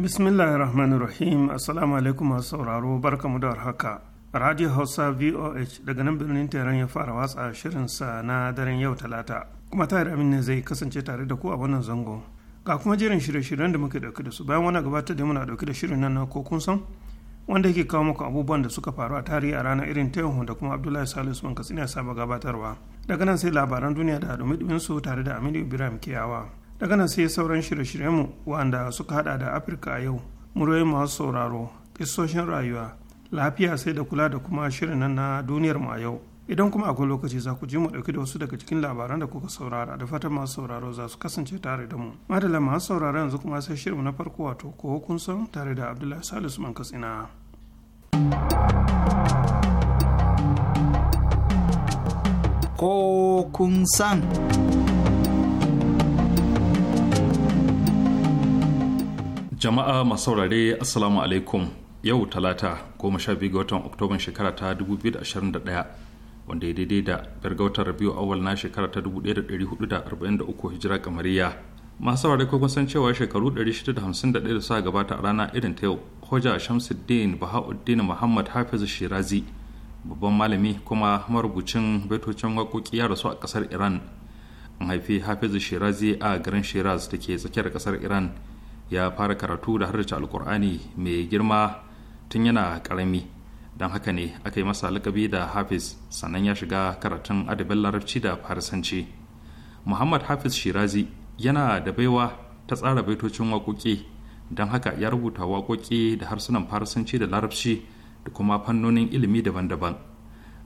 rahim assalamu alaikum masu sauraro barkamu da haka radio hausa voh daga nan birnin taron ya fara watsa shirinsa na daren yau talata kuma ta amin ne zai kasance tare da ku a wannan zango ga kuma jerin shirye-shiryen da muke dauke da su bayan wani gabatar da muna dauke da shirin nan na ko kun san wanda yake kawo muku abubuwan da suka faru a tarihi a ranar irin ta da kuma abdullahi salisu man katsina saba gabatarwa daga nan sai labaran duniya da dumi su tare da aminu ibrahim kiyawa daga nan sai sauran shirye-shiryenmu wanda suka hada da afirka a yau muryoyin masu sauraro kisoshin rayuwa lafiya sai da kula da kuma shirin nan na duniyar mu a yau idan kuma akwai lokaci za ku ji mu dauki da wasu daga cikin labaran da kuka saurara da fatan masu sauraro za su kasance tare da mu madala masu sauraro yanzu kuma sai shirin na farko wato ko kun san tare da abdullahi salisu man katsina ko kun san jama'a masu saurare assalamu alaikum yau talata goma sha biyu ga watan oktoban shekara ta 2021 wanda ya daidai da biyar watan rabiu awal na shekara ta 1443 hijira kamariya masu saurare ko san cewa shekaru 651 da suka gabata a rana irin ta yau hoja shamsuddin bahauddin muhammad hafiz shirazi babban malami kuma marubucin baitocin waƙoƙi ya rasu a ƙasar iran an haifi hafiz shirazi a garin shiraz da ke tsakiyar ƙasar iran ya fara karatu da harshe alkur'ani mai girma tun yana karami don haka ne aka yi masa lakabi da hafiz sannan ya shiga karatun adabin larabci da farisanci muhammad hafiz shirazi yana da baiwa ta tsara baitocin waƙoƙi don haka ya rubuta waƙoƙi da harsunan farisanci da larabci da kuma fannonin ilimi daban-daban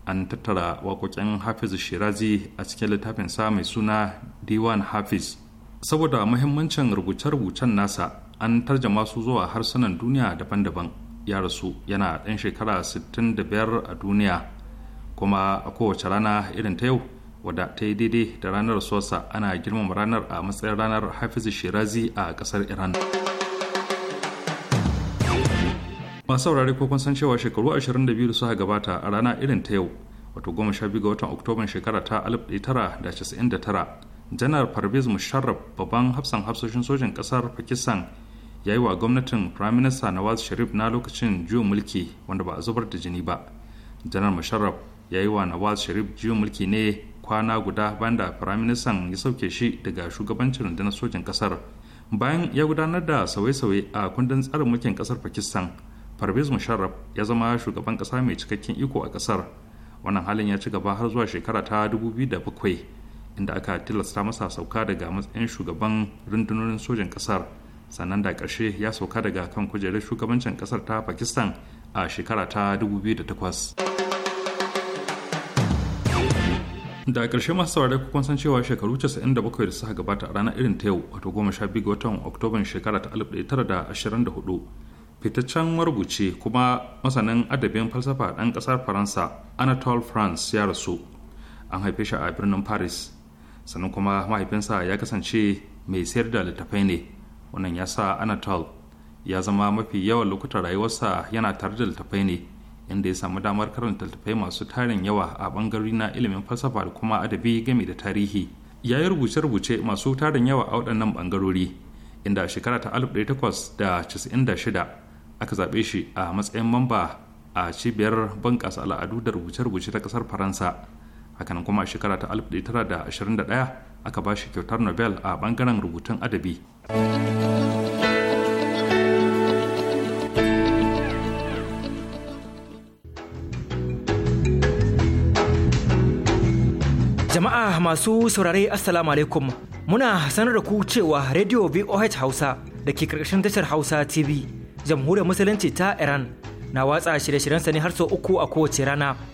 an tattara waƙoƙin hafiz shirazi a cikin littafin sa mai suna diwan hafiz saboda mahimmancin rubuce-rubucen nasa an tarjama su zuwa harsunan duniya daban-daban ya rasu yana ɗan shekara 65 a duniya kuma a kowace rana irin ta yau wadda ta yi daidai da ranar sosa ana girmama ranar a matsayin ranar hafiz shirazi a ƙasar iran masu saurare ko kun san cewa shekaru 22 da suka gabata a rana irin ta yau wato 12 ga watan oktoban shekara ta 1999 janar parvez musharraf babban hafsan hafsoshin sojin kasar pakistan ya yi wa gwamnatin prime minister nawaz sharif na lokacin juyin mulki wanda ba a zubar da jini ba janar musharraf ya yi wa nawaz sharif juyin mulki ne kwana guda bayan da prime minister ya sauke shi daga shugabancin rundunar sojin kasar bayan ya gudanar da sauye-sauye a kundin tsarin mulkin kasar pakistan parvez musharraf ya zama shugaban kasa mai cikakken iko a kasar wannan halin ya ci gaba har zuwa shekara ta 2007 inda aka tilasta masa sauka daga matsayin shugaban rundunonin sojan kasar sannan da karshe ya sauka daga kan kujerar shugabancin kasar ta pakistan a shekara ta 2008 da ƙarshe masu saurari kun san cewa shekaru 97 da suka gabata a ranar irin ta yau wato 12 ga watan oktoban shekara ta 1924 fitaccen marubuci kuma masanin adabin falsafa ɗan ƙasar faransa anatole france ya rasu an haife shi a birnin paris sannan kuma mahaifinsa ya kasance mai sayar da littafai ne wannan ya sa anatol ya zama mafi yawan lokutan rayuwarsa yana tare da littafai ne inda ya samu damar karanta littafai masu tarin yawa a bangarori na ilimin falsafa da kuma adabi game da tarihi ya yi rubuce-rubuce masu tarin yawa a waɗannan bangarori inda a shekara ta 1896 aka zaɓe shi a matsayin mamba a cibiyar bunƙasa al'adu da rubuce-rubuce ta ƙasar faransa hakanan kuma a shekara ta 1921 aka ba shi kyautar nobel a bangaren rubutun adabi jama'a masu saurare assalamu alaikum muna sanar da ku cewa radio voh hausa da ke karkashin tashar hausa tv jamhuriyar musulunci ta iran na watsa shirye shiryen ne har sau uku a kowace rana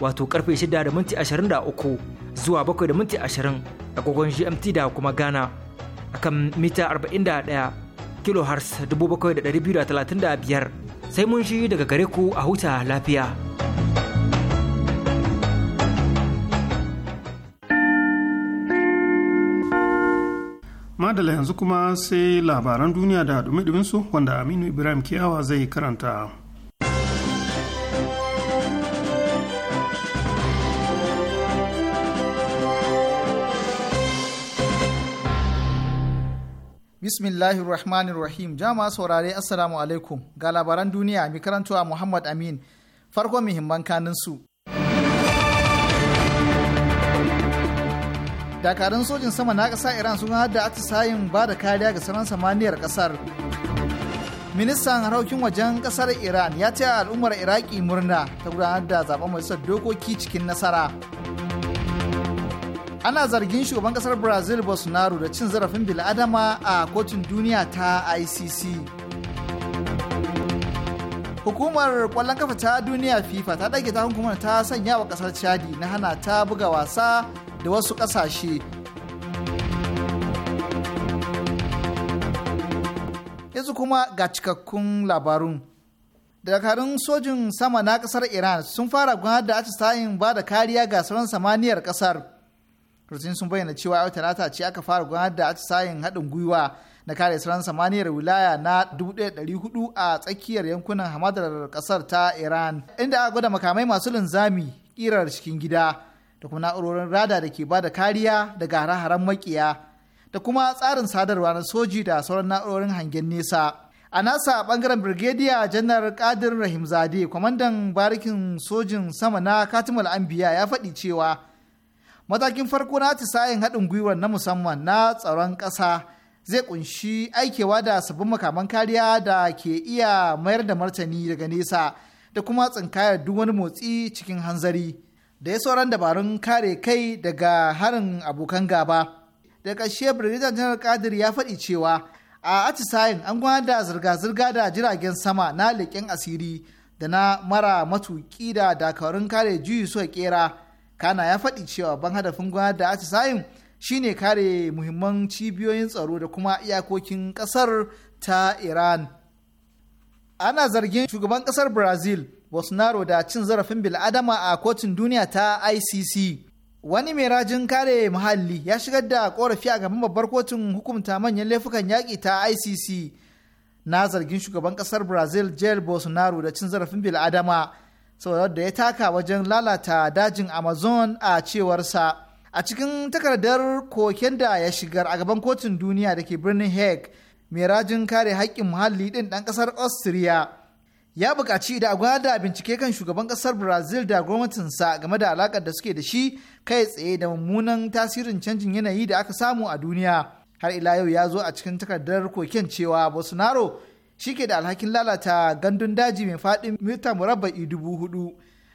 wato karfe 6 da minti 23 zuwa 7 da minti 20 a gogon GMT da kuma Ghana akan mita 41 kilohertz 7,235 sai mun shi daga gare ku a huta lafiya. Madala yanzu kuma sai labaran duniya da dumi su wanda Aminu Ibrahim Kiyawa zai karanta. Bismillahir Rahmanir Rahim. Jama'a saurare Assalamu alaikum. Ga labaran duniya mai karantowa Muhammad Amin. Farkon muhimman kanin su. Dakarun sojin sama na ƙasa Iran sun hada atisayin ba da kariya ga sauran samaniyar ƙasar. Ministan harkokin wajen ƙasar Iran ya ce al'ummar Iraki murna ta gudanar da zaben majalisar dokoki cikin nasara. ana zargin shugaban kasar brazil bolsonaro da cin zarafin bil'adama a kotun duniya ta icc hukumar kwallon kafa ta duniya fifa ta ɗage ta hukumar ta sanya wa kasar chadi na hana ta buga wasa da wasu ƙasashe yanzu kuma ga cikakkun labarun dakarun sojin sama na kasar iran sun fara gudanar da atisayin ba da kariya ga sauran samaniyar kasar rutun sun bayyana cewa yau talata ce aka fara gudanar da atisayin haɗin gwiwa na kare sauran samaniyar wilaya na 1400 a tsakiyar yankunan hamadar kasar ta iran inda aka gwada makamai masu linzami kirar cikin gida da kuma na'urorin rada da ke bada kariya daga hare makiya da kuma tsarin sadarwa na soji da sauran na'urorin hangen nesa a nasa bangaren brigadier janar kadir zade kwamandan barikin sojin sama na katimul anbiya ya faɗi cewa matakin farko na atisayen haɗin gwiwar na musamman na tsaron ƙasa zai kunshi aikewa da sabbin makaman kariya da ke iya mayar da martani daga nesa da kuma tsinkayar duk wani motsi cikin hanzari da ya sauran dabarun kare kai daga harin abokan gaba da ƙarshe brigadier general kadir ya faɗi cewa a atisayin an gwada da zirga-zirga da jiragen sama na leƙen asiri da na mara matuƙi da dakarun kare juyi suka kera kana ya faɗi cewa ban hadafin gwamnati da sayin shine kare muhimman cibiyoyin tsaro da kuma iyakokin ƙasar ta iran ana zargin shugaban ƙasar brazil bolsonaro da cin zarafin bil'adama a kotun duniya ta icc wani mai rajin kare muhalli ya shigar da korafi a gaban babbar kotun hukunta manyan laifukan yaƙi ta icc na zargin shugaban ƙasar brazil jair bolsonaro da cin zarafin bil'adama saboda da ya taka wajen lalata dajin amazon a cewarsa a cikin takardar koken da ya shigar a gaban kotun duniya da ke birnin hague mai rajin kare haƙƙin muhalli ɗin ɗan ƙasar austria ya buƙaci da gwada bincike kan shugaban ƙasar brazil da gwamnatinsa game da alaƙar da suke da shi kai tsaye da mummunan tasirin canjin yanayi da aka samu a duniya har ila yau ya zo a cikin takardar koken cewa bolsonaro shike da alhakin lalata gandun daji mai faɗin mita murabba'i dubu hudu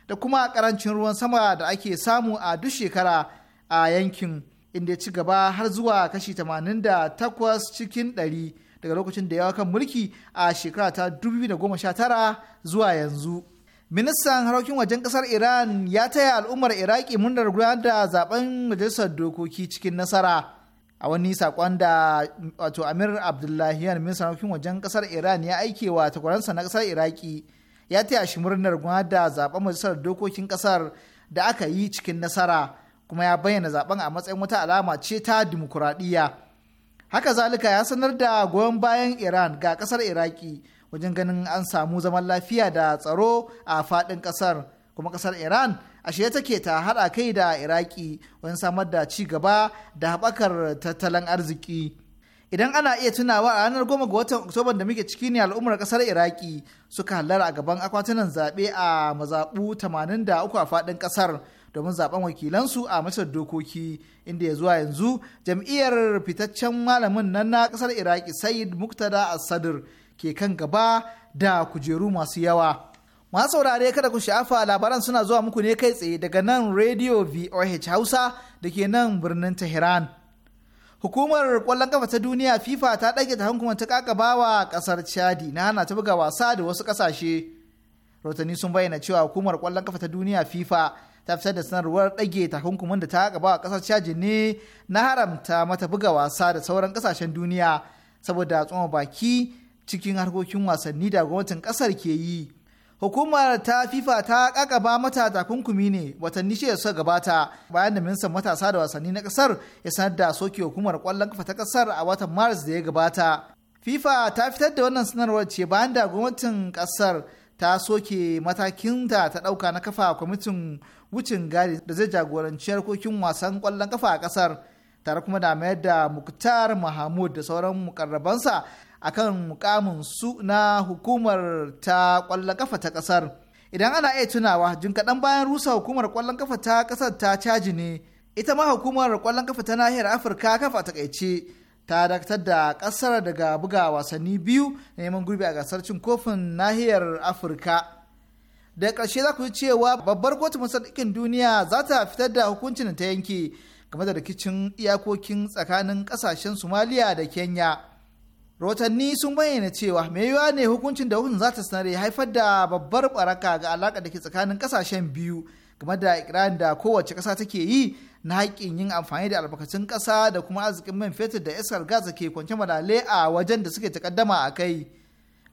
da kuma karancin ruwan sama da ake samu a duk shekara a yankin inda ya ci gaba har zuwa kashi 88 cikin 100 daga lokacin da yawa kan mulki a shekara ta 2019 zuwa yanzu. Ministan harokin wajen kasar Iran ya taya al'ummar Iraki murnar gudanar da zaben majalisar dokoki cikin nasara. a wani sakon da mm, wato amir abdullahiyan min sanokin wajen ƙasar iran ya aike wa takwaransa na ƙasar iraki ya taya shi murnar gwada da zaben majalisar dokokin ƙasar da aka yi cikin nasara kuma ya bayyana zaben a matsayin wata alama ce ta dimokuraɗiyya haka zalika ya sanar da goyon bayan iran ga ƙasar iraki wajen ganin an samu zaman lafiya da tsaro a faɗin ƙasar kuma ƙasar iran ashe take ta haɗa kai da iraki wajen samar da ci gaba da haɓakar tattalin arziki idan ana iya tunawa a ranar goma ga watan oktobar da muke ciki ne al'ummar kasar iraki suka hallara a gaban akwatunan zaɓe a mazaɓu 83 a faɗin ƙasar domin zaɓen wakilansu a masar dokoki inda ya zuwa yanzu jam'iyyar fitaccen malamin nan na ƙasar iraki sayid muktada al-sadr ke kan gaba da kujeru masu yawa Masu saurare kada ku shafa labaran suna zuwa muku ne kai tsaye daga nan Radio VOH Hausa da ke nan birnin Tehran. Hukumar kwallon kafa ta duniya FIFA ta ɗage ta hankuman ta kakabawa ƙasar Chadi na hana ta buga wasa da wasu ƙasashe. Rotani sun bayyana cewa hukumar kwallon kafa ta duniya FIFA ta fitar da sanarwar ɗage ta hankuman da ta kakabawa ƙasar Chadi ne na haramta mata buga wasa da sauran ƙasashen duniya saboda tsoma baki cikin harkokin wasanni da gwamnatin ƙasar ke yi. hukumar ta fifa ta kakaba mata takunkumi ne watanni shida suka gabata bayan da ministan matasa da wasanni na kasar ya sanar da soke hukumar kwallon kafa ta kasar a watan maris da ya gabata fifa ta fitar da wannan sanarwar ce bayan da gwamnatin kasar ta soke matakinta ta dauka na kafa kwamitin wucin gadi da zai jagoranci harkokin wasan kwallon kafa a kasar tare kuma da mayar da muktar mahmud da sauran mukarrabansa akan mukamin su na hukumar ta kwallon kafa ta ƙasar. idan ana iya tunawa jin kaɗan bayan rusa hukumar kwallon kafa ta kasar ta caji ne ita ma hukumar ƙwallon kafa ta nahiyar afirka kafa takaice ta dakatar da ƙasar daga buga wasanni biyu neman gurbi a gasar cin kofin nahiyar afirka da ƙarshe za ku ji cewa babbar masar masarautar duniya za ta fitar da hukuncin ta yanke game da rikicin iyakokin tsakanin ƙasashen somaliya da kenya rahotanni sun bayyana cewa mai yiwuwa ne hukuncin da hukun za ta sanar ya haifar da babbar baraka ga alaƙa da ke tsakanin ƙasashen biyu game da ikirarin da kowace ƙasa take yi na haƙƙin yin amfani da albarkacin ƙasa da kuma arzikin man fetur da iskar gas ke kwance malale a wajen da suke takaddama a kai.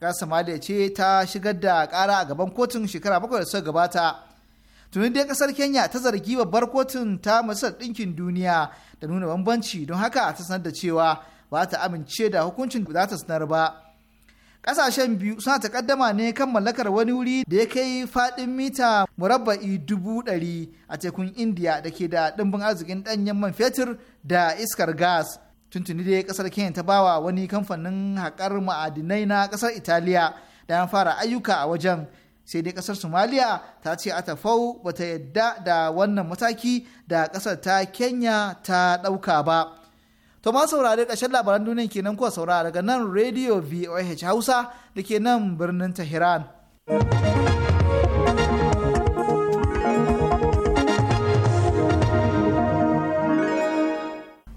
Ƙasar Somalia ce ta shigar da ƙara a gaban kotun shekara bakwai da suka gabata. Tuni dai ƙasar Kenya ta zargi babbar kotun ta Majalisar Ɗinkin Duniya da nuna bambanci don haka ta sanar da cewa ba ta amince da hukuncin da ta sanar ba ƙasashen biyu suna takaddama ne kan mallakar wani wuri da ya kai faɗin mita murabba'i dubu ɗari a tekun indiya da ke da ɗimbin arzikin ɗanyen man fetur da iskar gas tuntuni dai ƙasar kenya ta bawa wani kamfanin haƙar ma'adinai na ƙasar italiya da an fara ayyuka a wajen sai dai ƙasar somaliya ta ce atafau bata yadda da wannan mataki da ƙasar ta kenya ta ɗauka ba To ma saurare ƙarshen labaran duniya kenan kuwa saura, daga nan Radio VOH Hausa da ke nan birnin Tehran.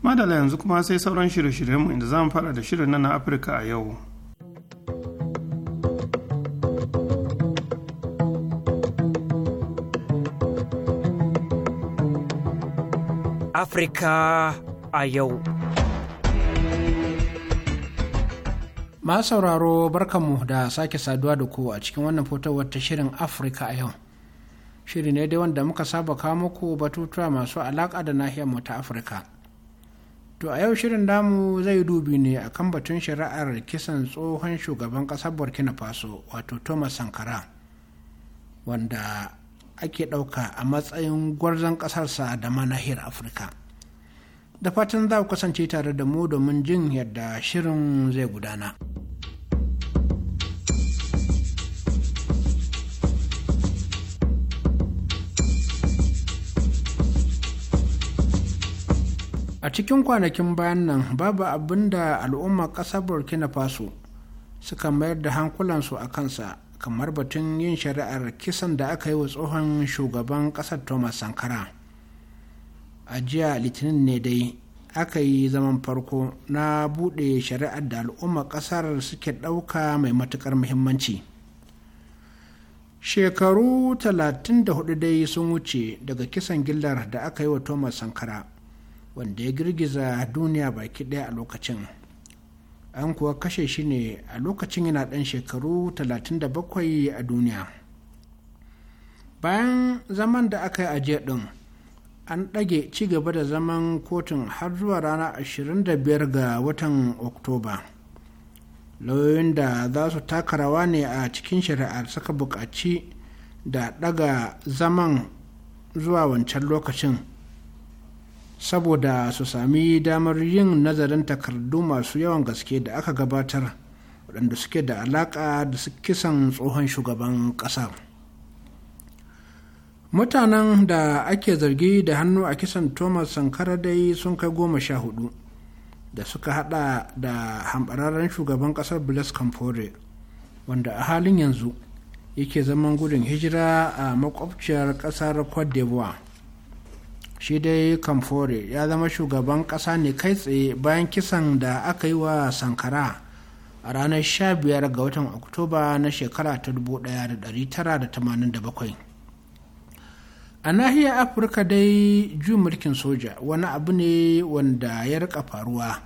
Madala yanzu kuma sai sauran shirye-shiryenmu inda za mu fara da shirin na Afirka a yau. Afirka a yau. ma sauraro barkanmu da sake saduwa da ku a cikin wannan fitowar ta shirin afirka a yau shiri ne dai wanda muka saba kawo muku batutuwa masu alaƙa da nahiyar mu ta afirka to a yau shirin namu zai dubi ne akan batun shari'ar kisan tsohon shugaban ƙasar burkina faso wato thomas sankara wanda ake ɗauka a matsayin gwarzon ƙasarsa da ma nahiyar afirka da fatan za ku kasance tare da mu domin jin yadda shirin zai gudana. a cikin kwanakin bayan nan babu abin da al'ummar ƙasar burkina faso suka mayar da hankulansu a kansa kamar batun yin shari'ar kisan da aka yi wa tsohon shugaban ƙasar thomas sankara a jiya litinin ne dai aka yi zaman farko na buɗe shari'ar da al'umma ƙasar suke ɗauka mai matuƙar muhimmanci shekaru 34 dai sun wuce daga kisan gillar da aka yi wa thomas sankara wanda ya girgiza duniya baki ɗaya a lokacin an kuwa kashe shi ne a lokacin yana ɗan shekaru 37 a duniya bayan zaman da aka yi ajiyar ɗin an ɗage ci gaba da zaman kotun har zuwa rana 25 ga watan oktoba lauyoyin da za su taka rawa ne a cikin shari'ar suka buƙaci da ɗaga zaman zuwa wancan lokacin saboda su sami damar yin nazarin takardu masu yawan gaske da aka gabatar waɗanda suke da alaƙa da kisan tsohon shugaban ƙasar mutanen da ake zargi da hannu a kisan thomas sankara dai sun kai goma sha hudu da suka hada da hambararren shugaban kasar blaise kamfore wanda a halin yanzu yake zaman gudun hijira a makwabciyar kasar cote d'ivoire shi dai kamfore ya zama shugaban kasa ne kai tsaye bayan kisan da aka yi wa sankara a ranar 15 ga watan oktoba na shekara ta 1987 a nahiyar afirka dai juyin mulkin soja wani abu ne wanda ya rika faruwa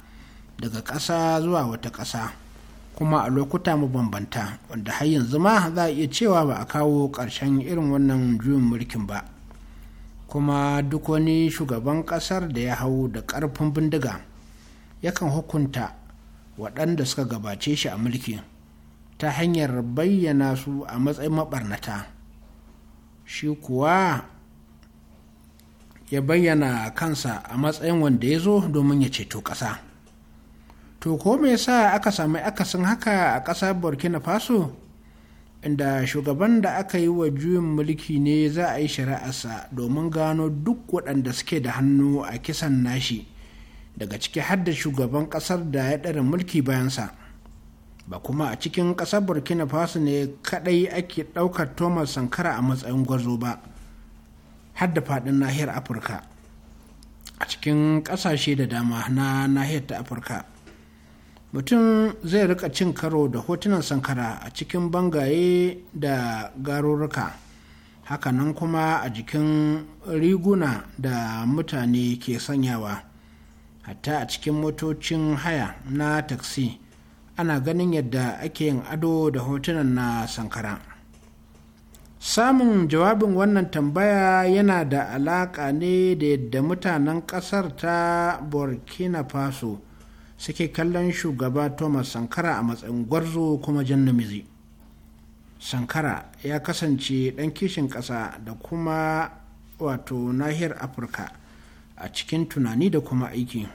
daga ƙasa zuwa wata ƙasa kuma a lokuta mabambanta wanda har yanzu ma za a iya cewa ba a kawo ƙarshen irin wannan juyin mulkin ba kuma duk wani shugaban ƙasar da ya hau da ƙarfin bindiga yakan hukunta waɗanda suka gabace shi a mulki ta hanyar bayyana su a matsayin maɓarnata shi kuwa ya bayyana kansa a matsayin wanda ya zo domin ya ceto ƙasa to ko me yasa aka samu akasin haka a ƙasar burkina faso inda shugaban da aka yi wa juyin mulki ne za a yi shari'arsa domin gano duk waɗanda suke da hannu a kisan nashi daga ciki har da shugaban ƙasar da ya ɗara mulki bayansa ba kuma a cikin ƙasar burkina faso ne kaɗai ake ɗaukar thomas sankara a matsayin gwazo ba har da faɗin nahiyar afirka a cikin ƙasashe da dama na nahiyar ta afirka mutum zai rika cin karo da hotunan sankara a cikin bangaye da garuruka hakanan kuma a jikin riguna da mutane ke sanyawa hatta a cikin motocin haya na taksi ana ganin yadda ake yin ado da hotunan na sankara samun jawabin wannan tambaya yana da alaƙa ne da yadda mutanen ƙasar ta burkina faso suke kallon shugaba thomas sankara a matsayin gwarzo kuma jan namiji sankara ya kasance ɗan kishin ƙasa da kuma wato nahiyar afirka a cikin tunani da kuma aiki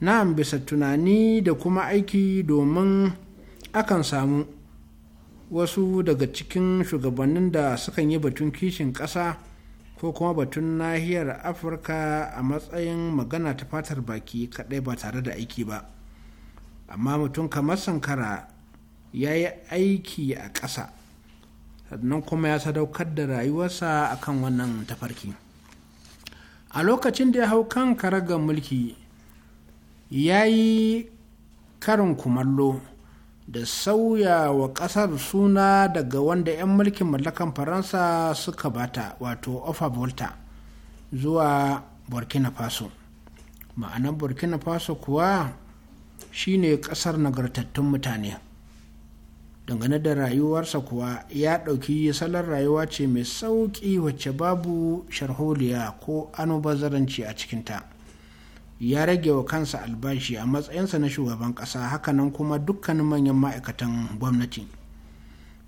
na bisa tunani da kuma aiki domin akan samu wasu daga cikin shugabannin da sukan yi batun kishin ƙasa ko kuma batun nahiyar afirka a matsayin magana ta fatar baki kaɗai ba tare da aiki ba amma mutum kamar sankara ya yi aiki a ƙasa sannan kuma ya sadaukar da rayuwarsa a kan wannan tafarki a lokacin da ya hau kan karagar mulki ya yi karin kumallo da sauya wa ƙasar suna daga wanda 'yan mulkin mallakan faransa suka bata wato ofa volta zuwa burkina faso ma'anar burkina faso kuwa shine ƙasar nagartattun mutane dangane da rayuwarsa kuwa ya ɗauki salon rayuwa ce mai sauƙi wacce babu sharholiya ko anubazaranci a cikinta. ya rage wa kansa albashi a matsayinsa na shugaban ƙasa hakanan kuma dukkanin manyan ma'aikatan gwamnati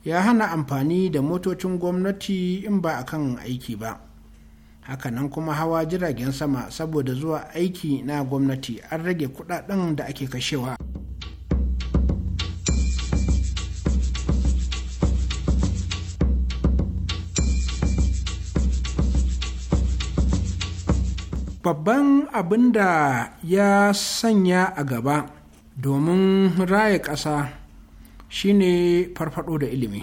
ya hana amfani da motocin gwamnati in ba a kan aiki ba hakanan kuma hawa jiragen sama saboda zuwa aiki na gwamnati an rage kudaden da ake kashewa babban abin da ya sanya a gaba domin raya ƙasa shine farfado da ilimi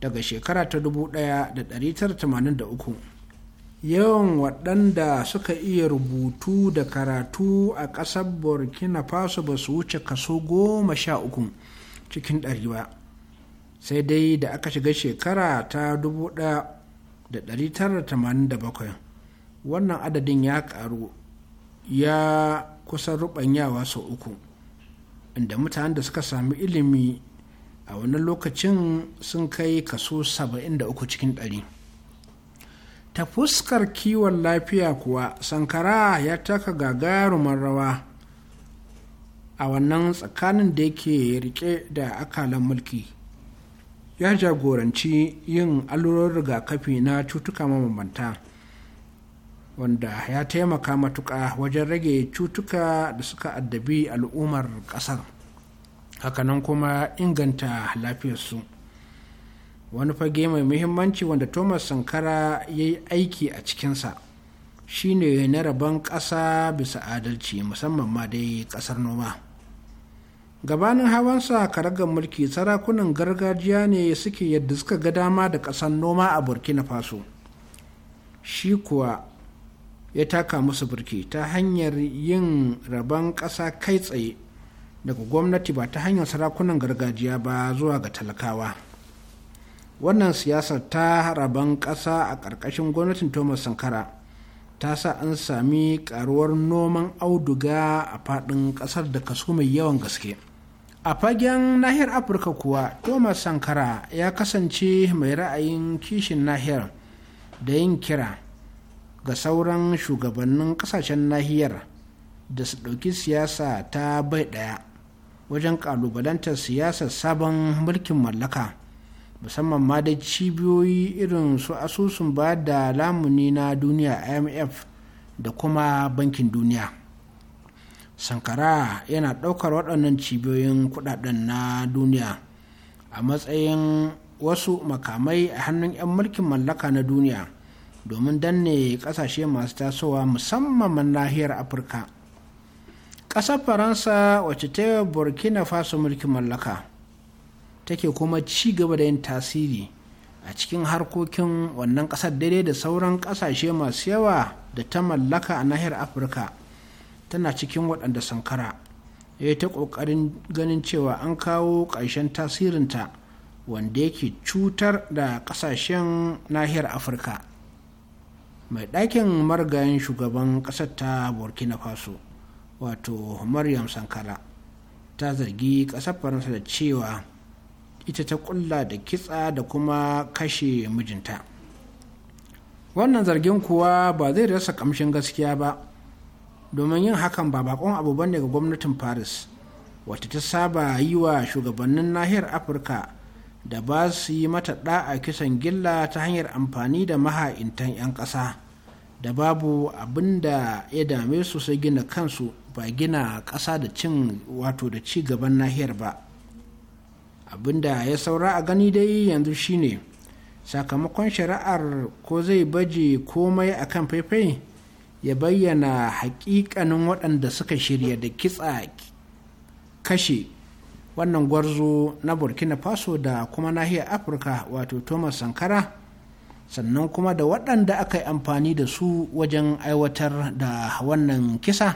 daga shekara ta 1983 yawan waɗanda suka iya rubutu da karatu a ƙasar burkina faso ba su wuce kaso goma sha uku cikin ɗari ba sai dai da aka shiga shekara ta 1987 wannan adadin ya karu ya kusan rubanyawa sau uku inda mutanen da suka sami ilimi a wannan lokacin sun kai kaso 73 cikin ɗari. ta fuskar kiwon lafiya kuwa sankara ya taka gagarumar rawa a wannan tsakanin da yake rike da akalan mulki ya jagoranci yin allurar rigakafi na cutuka mabambanta wanda ya taimaka matuƙa wajen rage cutuka da suka addabi al'ummar ƙasar hakanan kuma inganta lafiyarsu wani fage mai muhimmanci wanda thomas sankara ya yi aiki a cikinsa shine na rabon ƙasa bisa adalci musamman ma dai ƙasar noma gabanin hawansa karagar mulki sarakunan gargajiya ne suke yadda suka ga dama da ƙasar noma a burkina faso shi kuwa ya taka musu birki ta hanyar yin rabon ƙasa kai tsaye daga gwamnati ba ta hanyar sarakunan gargajiya ba zuwa ga talakawa wannan siyasar ta rabon ƙasa a ƙarƙashin gwamnatin thomas sankara ta sa an sami ƙaruwar noman auduga a faɗin ƙasar da kaso mai yawan gaske a fagen nahiyar afirka kuwa thomas sankara ya kasance mai ra'ayin kishin nahiyar da yin kira ga sauran shugabannin kasashen nahiyar da su ɗauki siyasa ta bai ɗaya wajen ƙalubalantar siyasar sabon mulkin mallaka musamman ma da cibiyoyi irin su asusun ba da lamuni na duniya imf da kuma bankin duniya sankara yana ɗaukar waɗannan cibiyoyin kudaden na duniya a matsayin wasu makamai a hannun 'yan mulkin mallaka na duniya domin danne kasashe masu tasowa musamman nahiyar afirka ƙasar faransa wacce ta burkina faso mulkin mallaka take kuma ci gaba da yin tasiri a cikin harkokin wannan ƙasar daidai da sauran ƙasashe masu yawa da ta mallaka a nahiyar afirka tana cikin waɗanda sankara ya ta ƙoƙarin ganin cewa an kawo ƙarshen tasirinta wanda yake cutar da ƙasashen nahiyar afirka mai ɗakin marigayen shugaban ƙasar ta burkina faso wato maryam sankara ta zargi ƙasar faransa da cewa ita ta kulla da kitsa da kuma kashe mijinta wannan zargin kuwa ba zai rasa ƙamshin gaskiya ba domin yin hakan ba bakon abu ne ga gwamnatin paris wata ta saba yi wa shugabannin nahiyar afirka da ba su yi mata ɗa'a kisan gilla ta hanyar amfani da maha'intan 'yan ƙasa da babu abin da ya dame su sai gina kansu ba gina ƙasa da cin wato da ci gaban nahiyar ba abin da ya saura a gani dai yanzu shine sakamakon shari'ar ko zai baje komai a kan faifai ya bayyana hakikanin waɗanda suka shirya da kitsa kashe wannan gwarzo na burkina faso da kuma nahiyar afirka wato thomas sankara sannan kuma da waɗanda aka yi amfani da su wajen aiwatar da wannan kisa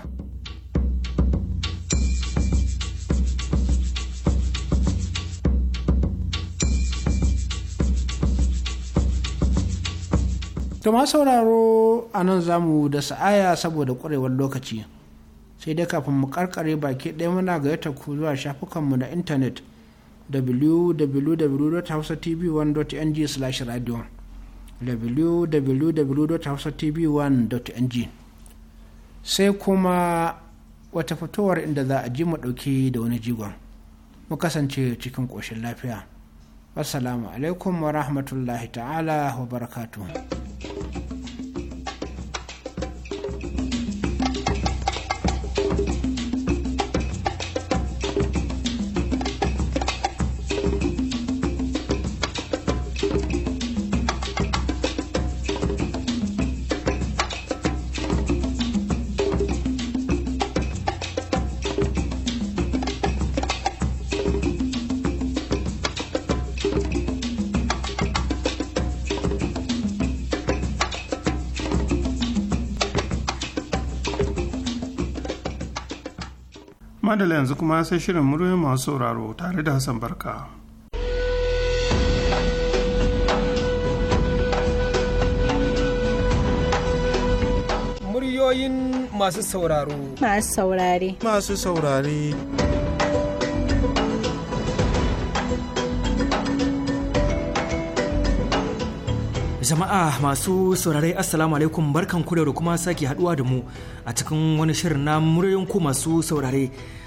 to sauraro a nan zamu da sa'aya saboda ƙwarewar lokaci sai dai kafin mu karkare baki ɗaya muna gayyata ku zuwa shafukanmu na intanet www.hausatv1.ng/radio www.hausatv1.ng sai kuma wata fitowar inda za a ji mu ɗauki da wani jigon mu kasance cikin ƙoshin lafiya assalamu alaikum wa rahmatullahi ta'ala wa barakatuhu madala yanzu kuma sai shirin murwai masu sauraro tare da hassan barka muryoyin masu sauraro masu saurare masu saurare Jama'a masu saurare Assalamu alaikum barkan ku da kuma sake haduwa da mu a cikin wani shirin na muryoyin ku masu saurare.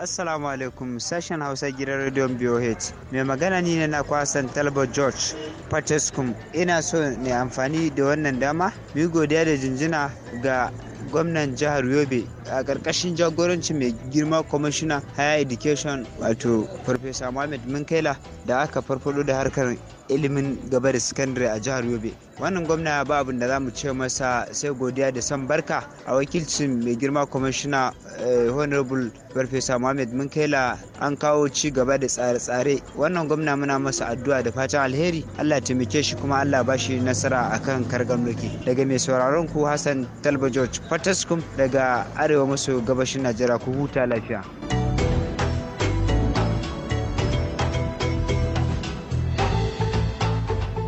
Assalamu alaikum sashen Hausa gidan rediyon BOH. Mai magana ni ne na kwasan Talba George Patescum. Ina so ne amfani da wannan dama, mu godiya da jinjina ga gwamnan jihar Yobe a karkashin jagorancin mai girma kwamishina haya education wato farfesa mohammed minkaila da aka farfado da harkar ilimin gaba da sakandare a jihar yobe wannan gwamna ba abin da za mu ce masa sai godiya da san barka a wakilcin mai girma kwamishina eh, honorable farfesa mohammed minkaila an kawo ci gaba da tsare-tsare wannan gwamna muna masa addu'a da fatan alheri allah taimake shi kuma allah ba shi nasara akan kargan daga mai sauraron ku hassan talba george fataskum daga arewa arewa maso gabashin najeriya ku huta lafiya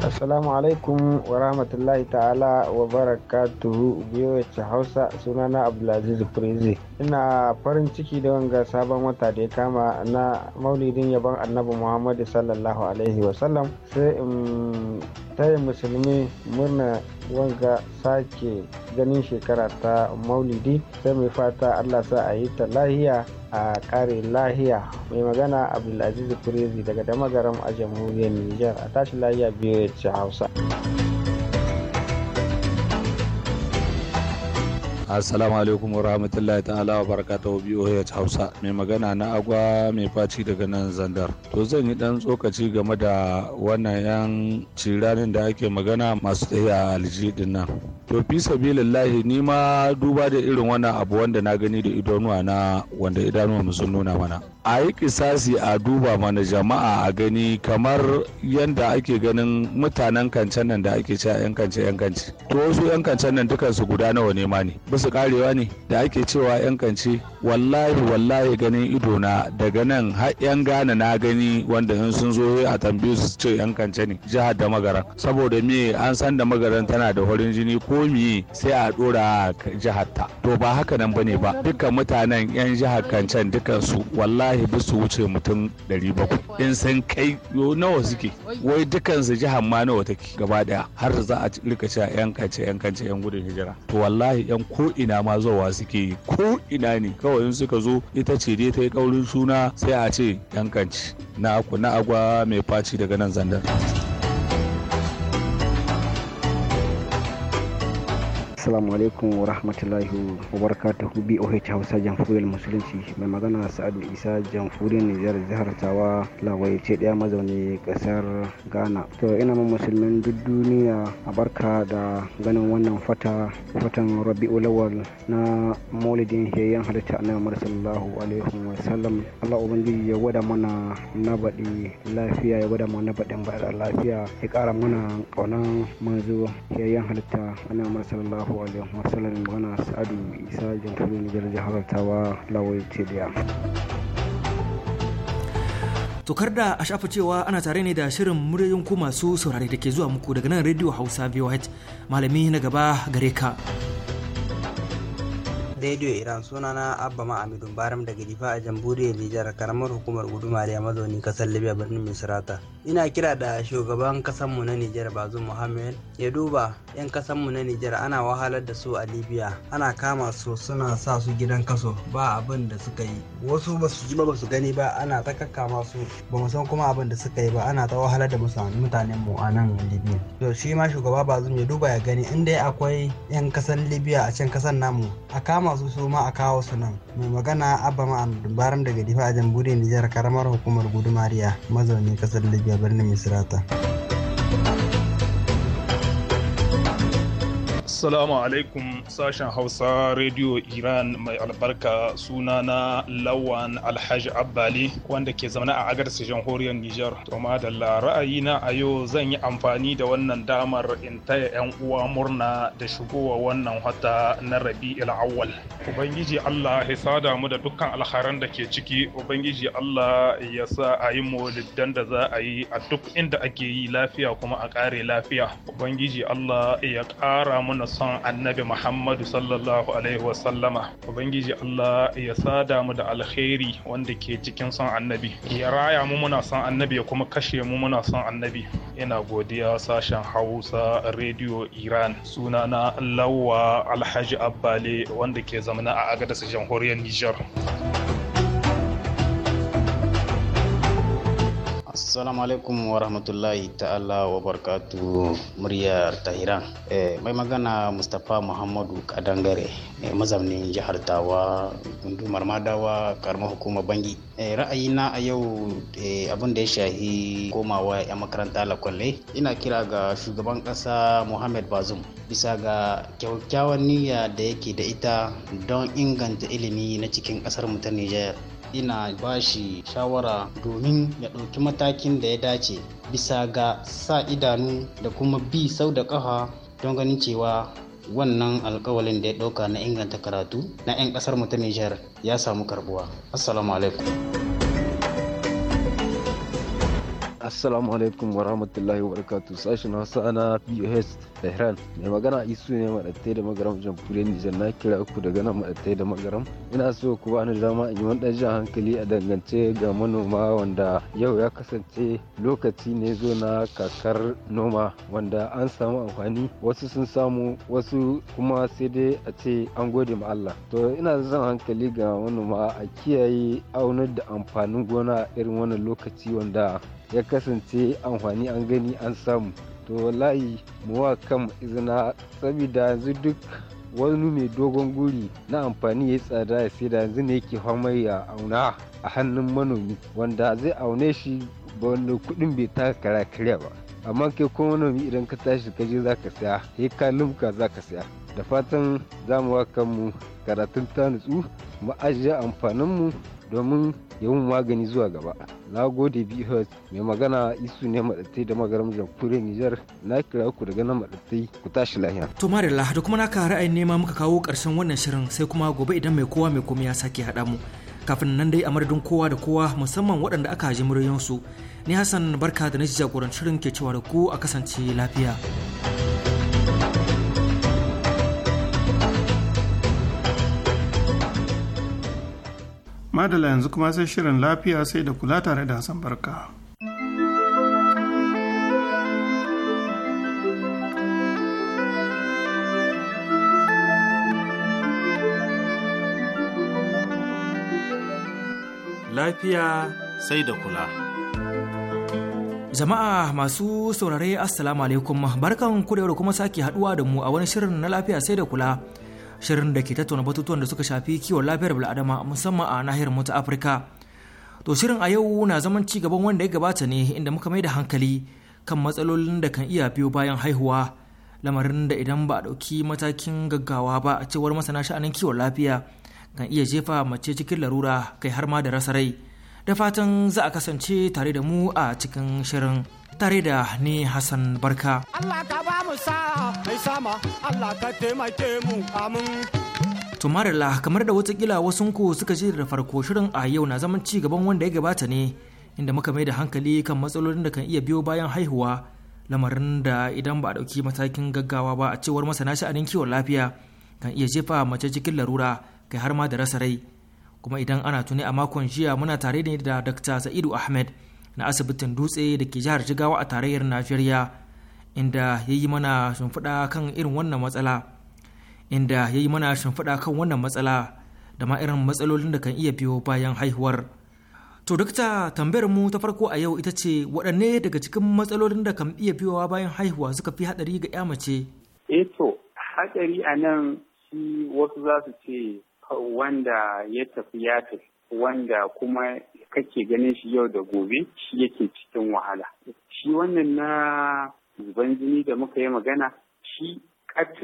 Assalamu alaikum wa rahmatullahi ta'ala wa barakatuhu biyowace Hausa sunana Abdulaziz Prezi. Ina farin ciki da wanga sabon wata da ya kama na maulidin yaban annabi Muhammadu sallallahu alaihi wasallam sai in taya musulmi murna wanga sake ganin shekara ta maulidi sai mai fata allah sa a yi ta lahiya a kare lahiya mai magana abdulaziz kurezi daga damagaram a jamhuriyar nijar a tashi lahiya biyu ya ci hausa assalamu alaikum warahmatullahi ta'ala wa barakatuhu biyu hausa mai magana na agwa mai faci daga nan zandar to zan yi dan tsokaci game da wannan yan ciranin da ake magana masu tafiya a alji din nan to fi sabilillahi ni ma duba da irin wannan abu wanda na gani da idanuwa na wanda idanuwa sun nuna mana a yi kisasi a duba mana jama'a a gani kamar yanda ake ganin mutanen kancan nan da ake cewa yan kance yan kance to wasu yan kancan nan dukansu guda nawa ne ma ne su karewa ne da ake cewa yan kanci wallahi wallahi ganin ido na daga nan har yan gane na gani wanda in sun zo a tambaye su ce yan kance ne jihar da magaran saboda me an san da magaran tana da horin jini ko me sai a dora jihar ta to ba haka nan bane ba dukkan mutanen yan jihar kancan dukkan su wallahi bi su wuce mutum 700 in sun kai nawa suke wai dukkan su jihar ma nawa take gaba daya har za a rika cewa yan kance yan kance yan gudun hijira to wallahi yan ko ko ina ma zawa suke yi ko ina ne kawai in suka zo ita ce dai ta yi kaurin suna sai a ce yankanci na na agwa mai faci daga nan zandar. assalamu alaikum wa rahmatullahi wa barakatuhu ta Hausa jamfuriyar Musulunci mai magana Sa'adu Isa jamfuriyar Nijar jihar Tawa Lawai ce daya mazauni kasar Ghana to ina ma musulmin duk duniya a barka da ganin wannan fata fatan rabi Awwal na Maulidin Hayyan halitta Annabi sallallahu alaihi wa sallam Allah ubangiji ya gwada mana na baɗi lafiya ya gwada mana na baɗin lafiya ya ƙara mana ƙaunar manzo Hayyan halitta Annabi sallallahu alaikum wa rahmatullahi magana sa'adu isa jamhuriyar nijar jihar tawa lawai tokar da a shafa cewa ana tare ne da shirin muryoyin ku masu saurare da ke zuwa muku daga nan radio hausa voh malami na gaba gare ka Radio Iran sunana Abba Ma'amidu Baram daga jifa a jamhuriyar Nijar karamar hukumar guduma da mazauni kasar Libya birnin Misrata. ina kira da shugaban kasanmu na Nijar bazu Muhammad ya duba 'yan kasanmu na Nijar ana wahalar da su a Libya ana kama su suna sa su gidan kaso ba abin da suka yi wasu ba su ji ba su gani ba ana ta kakkama su ba mu san kuma abin da suka yi ba ana ta wahalar da mutanen mu a nan Libya to shi ma shugaba bazu ya duba ya gani in dai akwai 'yan kasan Libya a can kasan namu a kama su su ma a kawo su nan mai magana Abba Ma'an Dumbaran daga Difa a jamhuriyar Nijar karamar hukumar Gudumariya mazaunin kasar Libya birnin Misrata. Assalamu alaikum sashen Hausa Radio Iran mai albarka suna na Lawan Alhaji Abbali wanda ke zaune a agar jamhuriyar Nijar. To da ra'ayina a yau zan yi amfani da wannan damar in taya 'yan uwa murna da shigowa wannan wata na il Awwal. Ubangiji Allah ya sada mu da dukkan alharan da ke ciki, Ubangiji Allah ya sa a yi da za a yi a duk inda ake yi lafiya kuma a ƙare lafiya. Ubangiji Allah ya ƙara mana son annabi muhammadu sallallahu alaihi wasallama ubangiji allah ya sada mu da alheri wanda ke cikin son annabi ya raya mu muna son annabi ya kuma kashe mu muna son annabi ina godiya sashen hausa rediyo iran sunana lawa alhaji abbale wanda ke zamana a agadasa jamhuriyar Nijar. Assalamu alaikum wa rahmatullahi ta'ala wa barkatu muryar Tahiran. Eh, mai magana Mustapha Muhammadu Kadangare eh, mazaunin jihar Tawa, gundumar Madawa, karamar hukumar Bangi. Eh, ra'ayina a yau eh, abin da ya shahi komawa 'yan makaranta lakwalle ina kira ga shugaban ƙasa Muhammad Bazum bisa ga kyakkyawan niyya da yake da ita don inganta ilimi na cikin ƙasar mu ta Nijar. ina ba shi shawara domin ya ɗauki matakin da ya dace bisa ga sa idanu da kuma bi sau da ƙafa don ganin cewa wannan alkawalin da ya ɗauka na inganta karatu na 'yan ƙasar mu ta Nijar ya samu karbuwa. Assalamu alaikum. assalamu alaikum wa rahmatullahi wa barakatuh sashen hausa na pos tehran mai magana isu ne maɗattai da magaram jamhuriyar nijar na kira ku daga nan maɗattai da magaram ina so ku ba ni dama in yi wani ɗan hankali a dangance ga manoma wanda yau ya kasance lokaci ne zo na kakar noma wanda an samu amfani wasu sun samu wasu kuma sai dai a ce an gode ma Allah to ina zan hankali ga manoma a kiyaye aunar da amfanin gona irin wannan lokaci wanda ya kasance amfani an gani an samu to wallahi mu kam izina saboda yanzu duk wani mai dogon guri na amfani ya tsada ya sai da yanzu ne yake fama ya auna a hannun manomi wanda zai aune shi ba wanda kudin bai taka kara karya ba amma kai kuma manomi idan ka tashi ka je za ka saya sai ka lumka za ka saya da fatan za mu wa kanmu karatun ta nutsu mu ajiye amfaninmu domin yawan magani zuwa gaba na gode bihar mai magana isu ne maɗattai da magaram jamhuriyar nijar na kira ku daga nan maɗattai ku tashi lahiya. to marilla da kuma na naka ra'ayin nema muka kawo ƙarshen wannan shirin sai kuma gobe idan mai kowa mai komai ya sake haɗa mu kafin nan dai a madadin kowa da kowa musamman waɗanda aka ji muryansu ni hassan barka da na jagorancin shirin ke cewa da ku a kasance lafiya. madala yanzu kuma sai shirin lafiya sai da kula tare da hasan, barka lafiya sai da kula jama'a masu saurare assalamu alaikum barkan kurewa da kuma sake haduwa da mu a wani shirin na lafiya sai da kula shirin da ke tattauna batutuwan da suka shafi kiwon lafiyar bil'adama musamman a nahiyar mu ta Afirka. To shirin a yau na zaman ci gaban wanda ya gabata ne inda muka mai da hankali kan matsalolin da kan iya biyo bayan haihuwa lamarin da idan ba a ɗauki matakin gaggawa ba a cewar masana sha'anin kiwon lafiya kan iya jefa mace cikin larura kai har ma da rasa rai da fatan za a kasance tare da mu a cikin shirin. tare da ni Hassan Barka. Allah ka ba mu mai sama Allah ka taimake mu amin. Tumarila kamar da watakila ku suka ce da farko shirin a yau na zaman ci gaban wanda ya gabata ne inda muka mai da hankali kan matsalolin da kan iya biyo bayan haihuwa lamarin da idan ba a ɗauki matakin gaggawa ba a cewar masana sha'anin kiwon lafiya kan iya jefa mace cikin larura kai har ma da rasa rai kuma idan ana tuni a makon jiya muna tare ne da Dr. Sa'idu Ahmed na asibitin dutse da ke jihar jigawa a tarayyar najeriya inda ya yi mana shimfiɗa kan irin wannan matsala inda ya yi mana shimfiɗa kan wannan matsala da ma irin matsalolin da kan iya biyo bayan haihuwar to dukta tambayar mu ta farko a yau ita ce waɗanne daga cikin matsalolin da kan iya biyowa bayan haihuwa suka fi haɗari ga ya mace E, to haɗari a nan shi wasu za su ce wanda ya tafi ya tafi wanda kuma kake ganin shi yau da gobe shi yake cikin wahala shi wannan na zuban jini da muka yi magana shi kat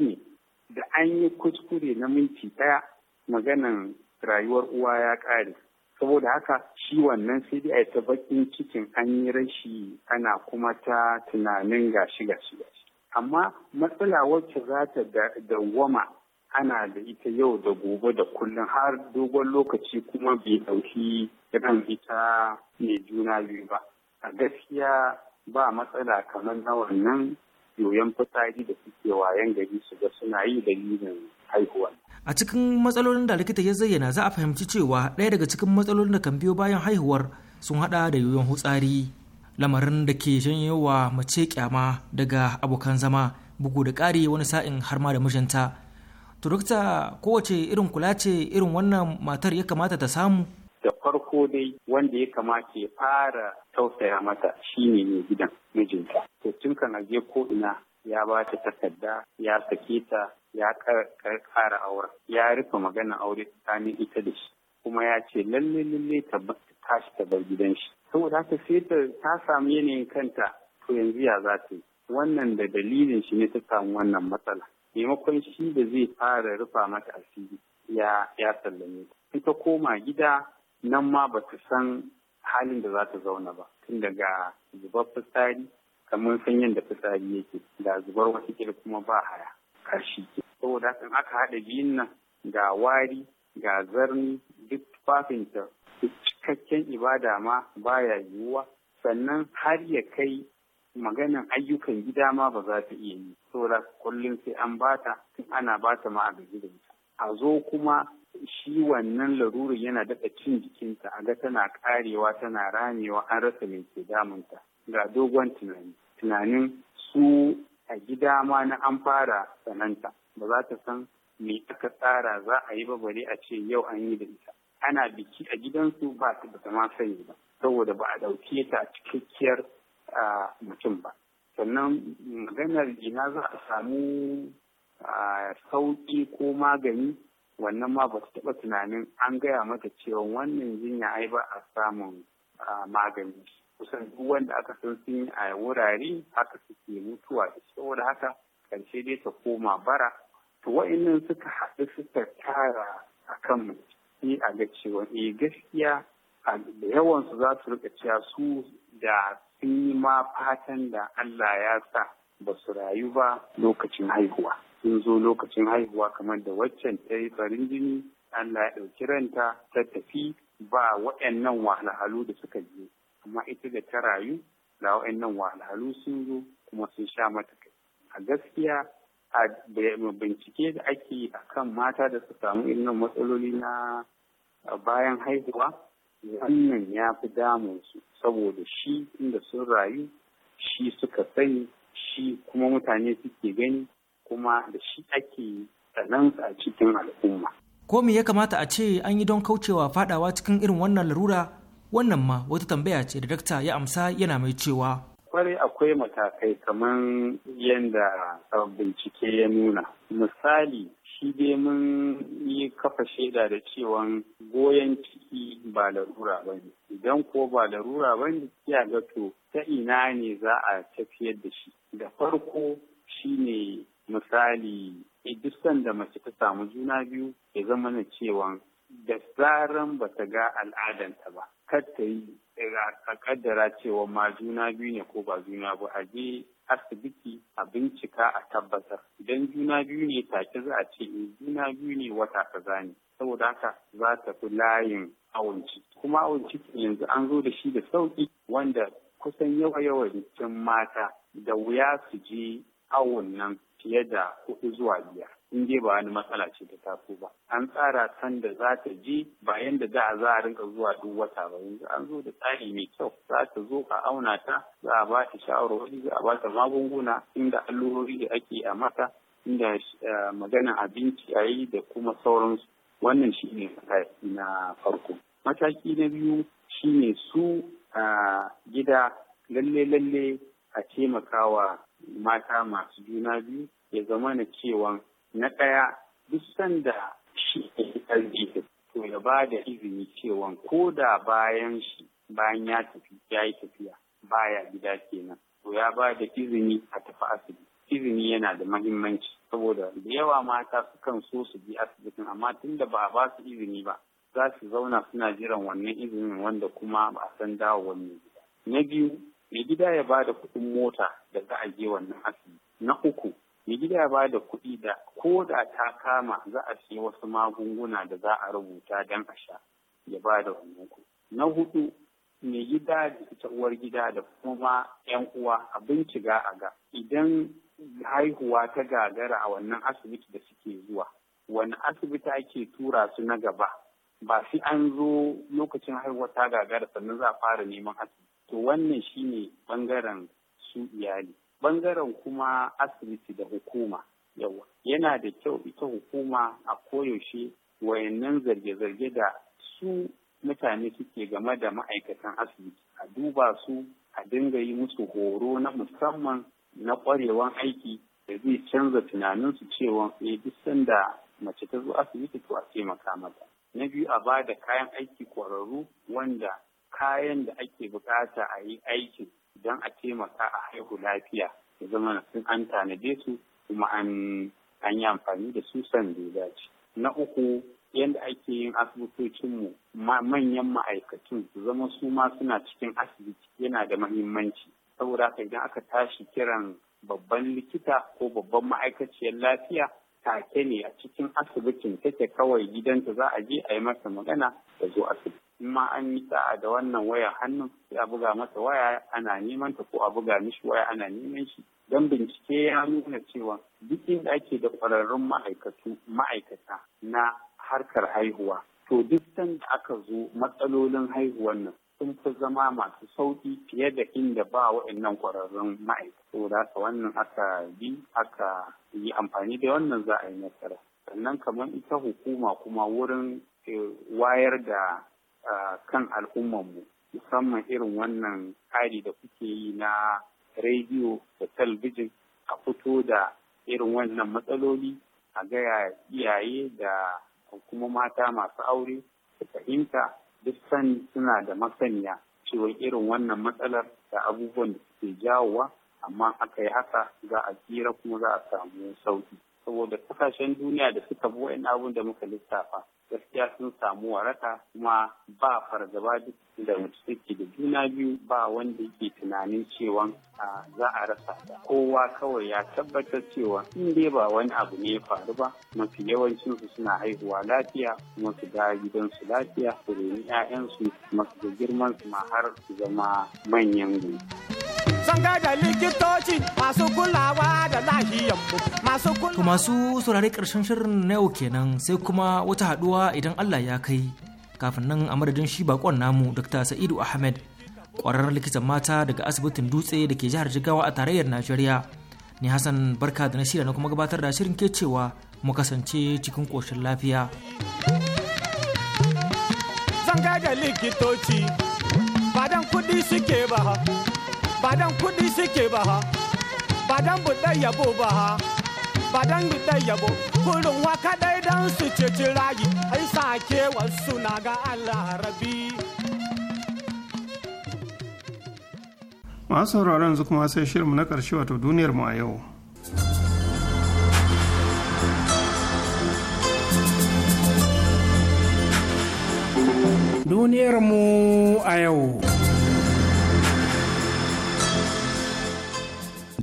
da an yi kuskure na minti ɗaya maganan rayuwar uwa ya ƙare saboda haka shi wannan sai dai a ta bakin cikin an yi rashi ana kuma ta tunanin gashi gashi gashi amma matsala wacce za ta dawwama ana da ita yau da gobe da kullum har dogon lokaci kuma bai ɗauki irin ita mai juna biyu ba a gaskiya ba matsala kamar na wannan yoyon fitsari da suke wayan gari su ga suna yi dalilin haihuwa. A cikin matsalolin da likita ya zayyana za a fahimci cewa ɗaya daga cikin matsalolin da kan biyo bayan haihuwar sun haɗa da yoyon hutsari lamarin da ke janyo wa mace kyama daga abokan zama bugu da ƙari wani sa'in har ma da mijinta. To dokta kowace irin kula ce irin wannan matar ya kamata ta samu? da farko dai wanda ya kamata ya fara tausaya mata shine ne gidan mijinta to tun kan aje ko ina ya ba ta takarda ya sake ta ya kara aure. ya rufe magana aure tsakanin ita da shi kuma ya ce lalle lalle ta tashi ta bar gidan shi saboda haka sai ta ta samu yanayin kanta to yanzu ya za ta yi wannan da dalilin shi ne ta samu wannan matsala maimakon shi da zai fara rufa mata asiri ya ya sallame ta in ta koma gida nan ma ba ta san halin da za ta zauna ba tun daga zubar fitsari kamar sanyin da fitsari yake da zubar wata kira kuma ba haya karshi ke saboda kan aka haɗa biyun nan ga wari ga zarni duk tufafinta cikakken ibada ma baya yiwuwa sannan har ya kai maganan ayyukan gida ma ba za ta iya yi saboda kullum sai an bata tun ana bata ma a gaji da ita a zo kuma shi wannan laruru yana daɗa cin jikinta a ga tana karewa tana ramewa an rasa mai ke damunta ga dogon tunani tunanin su a gida ma na an fara sananta ba za ta san me aka tsara za a yi ba a ce yau an yi da ita ana biki a gidansu ba ta ba ma sani ba saboda ba a ɗauke ta cikakkiyar mutum ba sannan maganar jina za a samu sauƙi ko magani wannan ma ba su taɓa tunanin an gaya mata cewa wannan jinya ai ba a samun magani kusan duk wanda aka san sun yi a wurare haka suke mutuwa da saboda haka karshe dai ta koma bara to wa'annan suka haɗu suka tara a mu sai a ga cewa eh gaskiya da da yawansu za su rika cewa su da sun yi ma fatan da Allah ya sa ba su rayu ba lokacin haihuwa. sun zo lokacin haihuwa kamar da waccan ta yi farin jini Allah ya ɗauki ranta ta tafi ba waɗannan wahalhalu da suka je amma ita da ta rayu da waɗannan wahalhalu sun zo kuma sun sha mata kai a gaskiya a bincike da ake yi a kan mata da su samu irin matsaloli na bayan haihuwa wannan ya fi damun su saboda shi inda sun rayu shi suka sani shi kuma mutane suke gani kuma da shi ake sanan a cikin al'umma. Ko me ya kamata a ce an yi don kaucewa fadawa cikin irin wannan larura? Wannan ma wata tambaya ce da dakta ya amsa yana mai cewa. Kwarai akwai matakai kamar yadda bincike ya nuna. Misali shi dai mun yi kafa shaida da cewa goyon ciki ba larura ba ne idan ko ba larura ba ne ya ga to ta ina ne za a tafiyar da shi da farko shi ne. misali eh, duk sanda mace ta samu juna biyu ya zama na cewa da zaran ba ta ga al'adanta ba kar ta yi eh, a kaddara cewa ma juna biyu ne ko ba juna ba a je asibiti a bincika a tabbatar idan juna biyu ne take za a ce in eh, juna biyu ne wata kaza ne saboda haka za ta fi layin awon ciki kuma awon ciki yanzu an zo da shi da sauki wanda kusan yawa yawa mata da wuya su je awon nan fiye da hudu zuwa biyar in dai ba wani matsala ce ta taso ba an tsara sanda da za ta ji ba yanda za za a rinka zuwa duk wata ba yanzu an zo da tsari mai kyau za ta zo ka auna ta za a ba ta shawarwari za a ba ta magunguna inda allurori da ake a mata inda eh, magana abinci a yi da kuma sauransu wannan shi ne na farko mataki na biyu shine su ah, gida lalle-lalle a taimakawa mata masu juna biyu ya zama na cewa na ɗaya duk sanda shi ya to ya ba da izini cewa ko da bayan shi bayan ya tafi ya yi tafiya baya gida kenan to ya ba da izini a tafi asibiti izini yana da mahimmanci saboda da yawa mata sukan so su bi asibitin amma tunda ba a ba su izini ba za su zauna suna jiran wannan izinin wanda kuma ba san dawo wani gida na biyu mai gida ya bada kuɗin mota da za a je wannan asibiti na uku mai gida ya bada kuɗi da ko da ta kama za a siya wasu magunguna da za a rubuta don a sha ya bada wannan ku. na hudu mai gida da ita uwar gida da kuma ma yan uwa a ga a ga idan haihuwa ta gagara a wannan asibiti da suke zuwa wani asibiti ake tura su na gaba ba sai an zo lokacin haihuwa ta gagara sannan za a fara neman asibiti to wannan shine bangaren su iyali ɓangaren kuma asibiti da hukuma yawa yana da kyau ita hukuma a koyaushe wayannan zarge-zarge da su mutane suke game da ma'aikatan asibiti a duba su a dinga yi musu horo na musamman na ƙwarewan aiki da zai canza tunaninsu cewa ne eh, duk sanda mace ta zo asibiti to a taimaka mata na biyu a ba da kayan aiki ƙwararru wanda kayan da ake bukata a yi aikin don a taimaka a haihu lafiya ya zama sun an tanade su kuma an yi amfani da su san da Na uku yadda ake yin asibitocinmu manyan ma'aikatun su zama su ma suna cikin asibiti yana da mahimmanci. Saboda haka idan aka tashi kiran babban likita ko babban ma'aikaciyar lafiya take ne a cikin asibitin take kawai gidanta za a je a yi masa magana da zo asibiti. ma an yi sa'a da wannan wayar hannun sai a buga masa waya ana neman ta ko a buga mishi waya ana neman shi don bincike ya nuna cewa duk inda ake da kwararrun ma'aikatu ma'aikata na harkar haihuwa to duk san da aka zo matsalolin haihuwan nan sun fi zama masu sauƙi fiye da inda ba waɗannan kwararrun ma'aikata da haka wannan aka bi aka yi amfani da wannan za a yi nasara sannan kamar ita hukuma kuma wurin eh, wayar da kan al'ummanmu musamman irin wannan tsari da kuke yi na rediyo da talbijin a fito da irin wannan matsaloli a gaya iyaye da kuma mata masu aure su fahimta duk sani suna da masaniya cewa irin wannan matsalar da abubuwan da suke jawowa amma aka yi haka za a tsira kuma za a samu sauki saboda kasashen duniya da suka bi wa'in abun da muka lissafa gaskiya sun samu waraka kuma ba fargaba duk da mace da juna biyu ba wanda yake tunanin cewa za a rasa ta kowa kawai ya tabbatar cewa in dai ba wani abu ne ya faru ba mafi yawancin su suna haihuwa lafiya kuma su ga gidansu lafiya su reni 'ya'yansu kuma su girman su ma har su zama manyan gobe. sun likitoci masu kulawa da masu kulawa. To masu saurare karshen shirin na yau kenan sai kuma wata haduwa idan Allah ya kai kafin nan a madadin shi bakon namu Dr. Sa'idu Ahmed kwararren likitan mata daga asibitin dutse da ke jihar Jigawa a tarayyar Najeriya. Ni Hassan barka da na na kuma gabatar da shirin ke cewa mu kasance cikin koshin lafiya. Zanga da likitoci, badan kuɗi suke ba ba dan kudi suke ba ha ba dan yabo ba ha ba dan yabo kurin waka dai dan su ceci rayi ai sake wasu na ga Allah rabi masu sauraron yanzu kuma sai shirinmu na ƙarshe wato duniyar mu a yau duniyarmu a yau.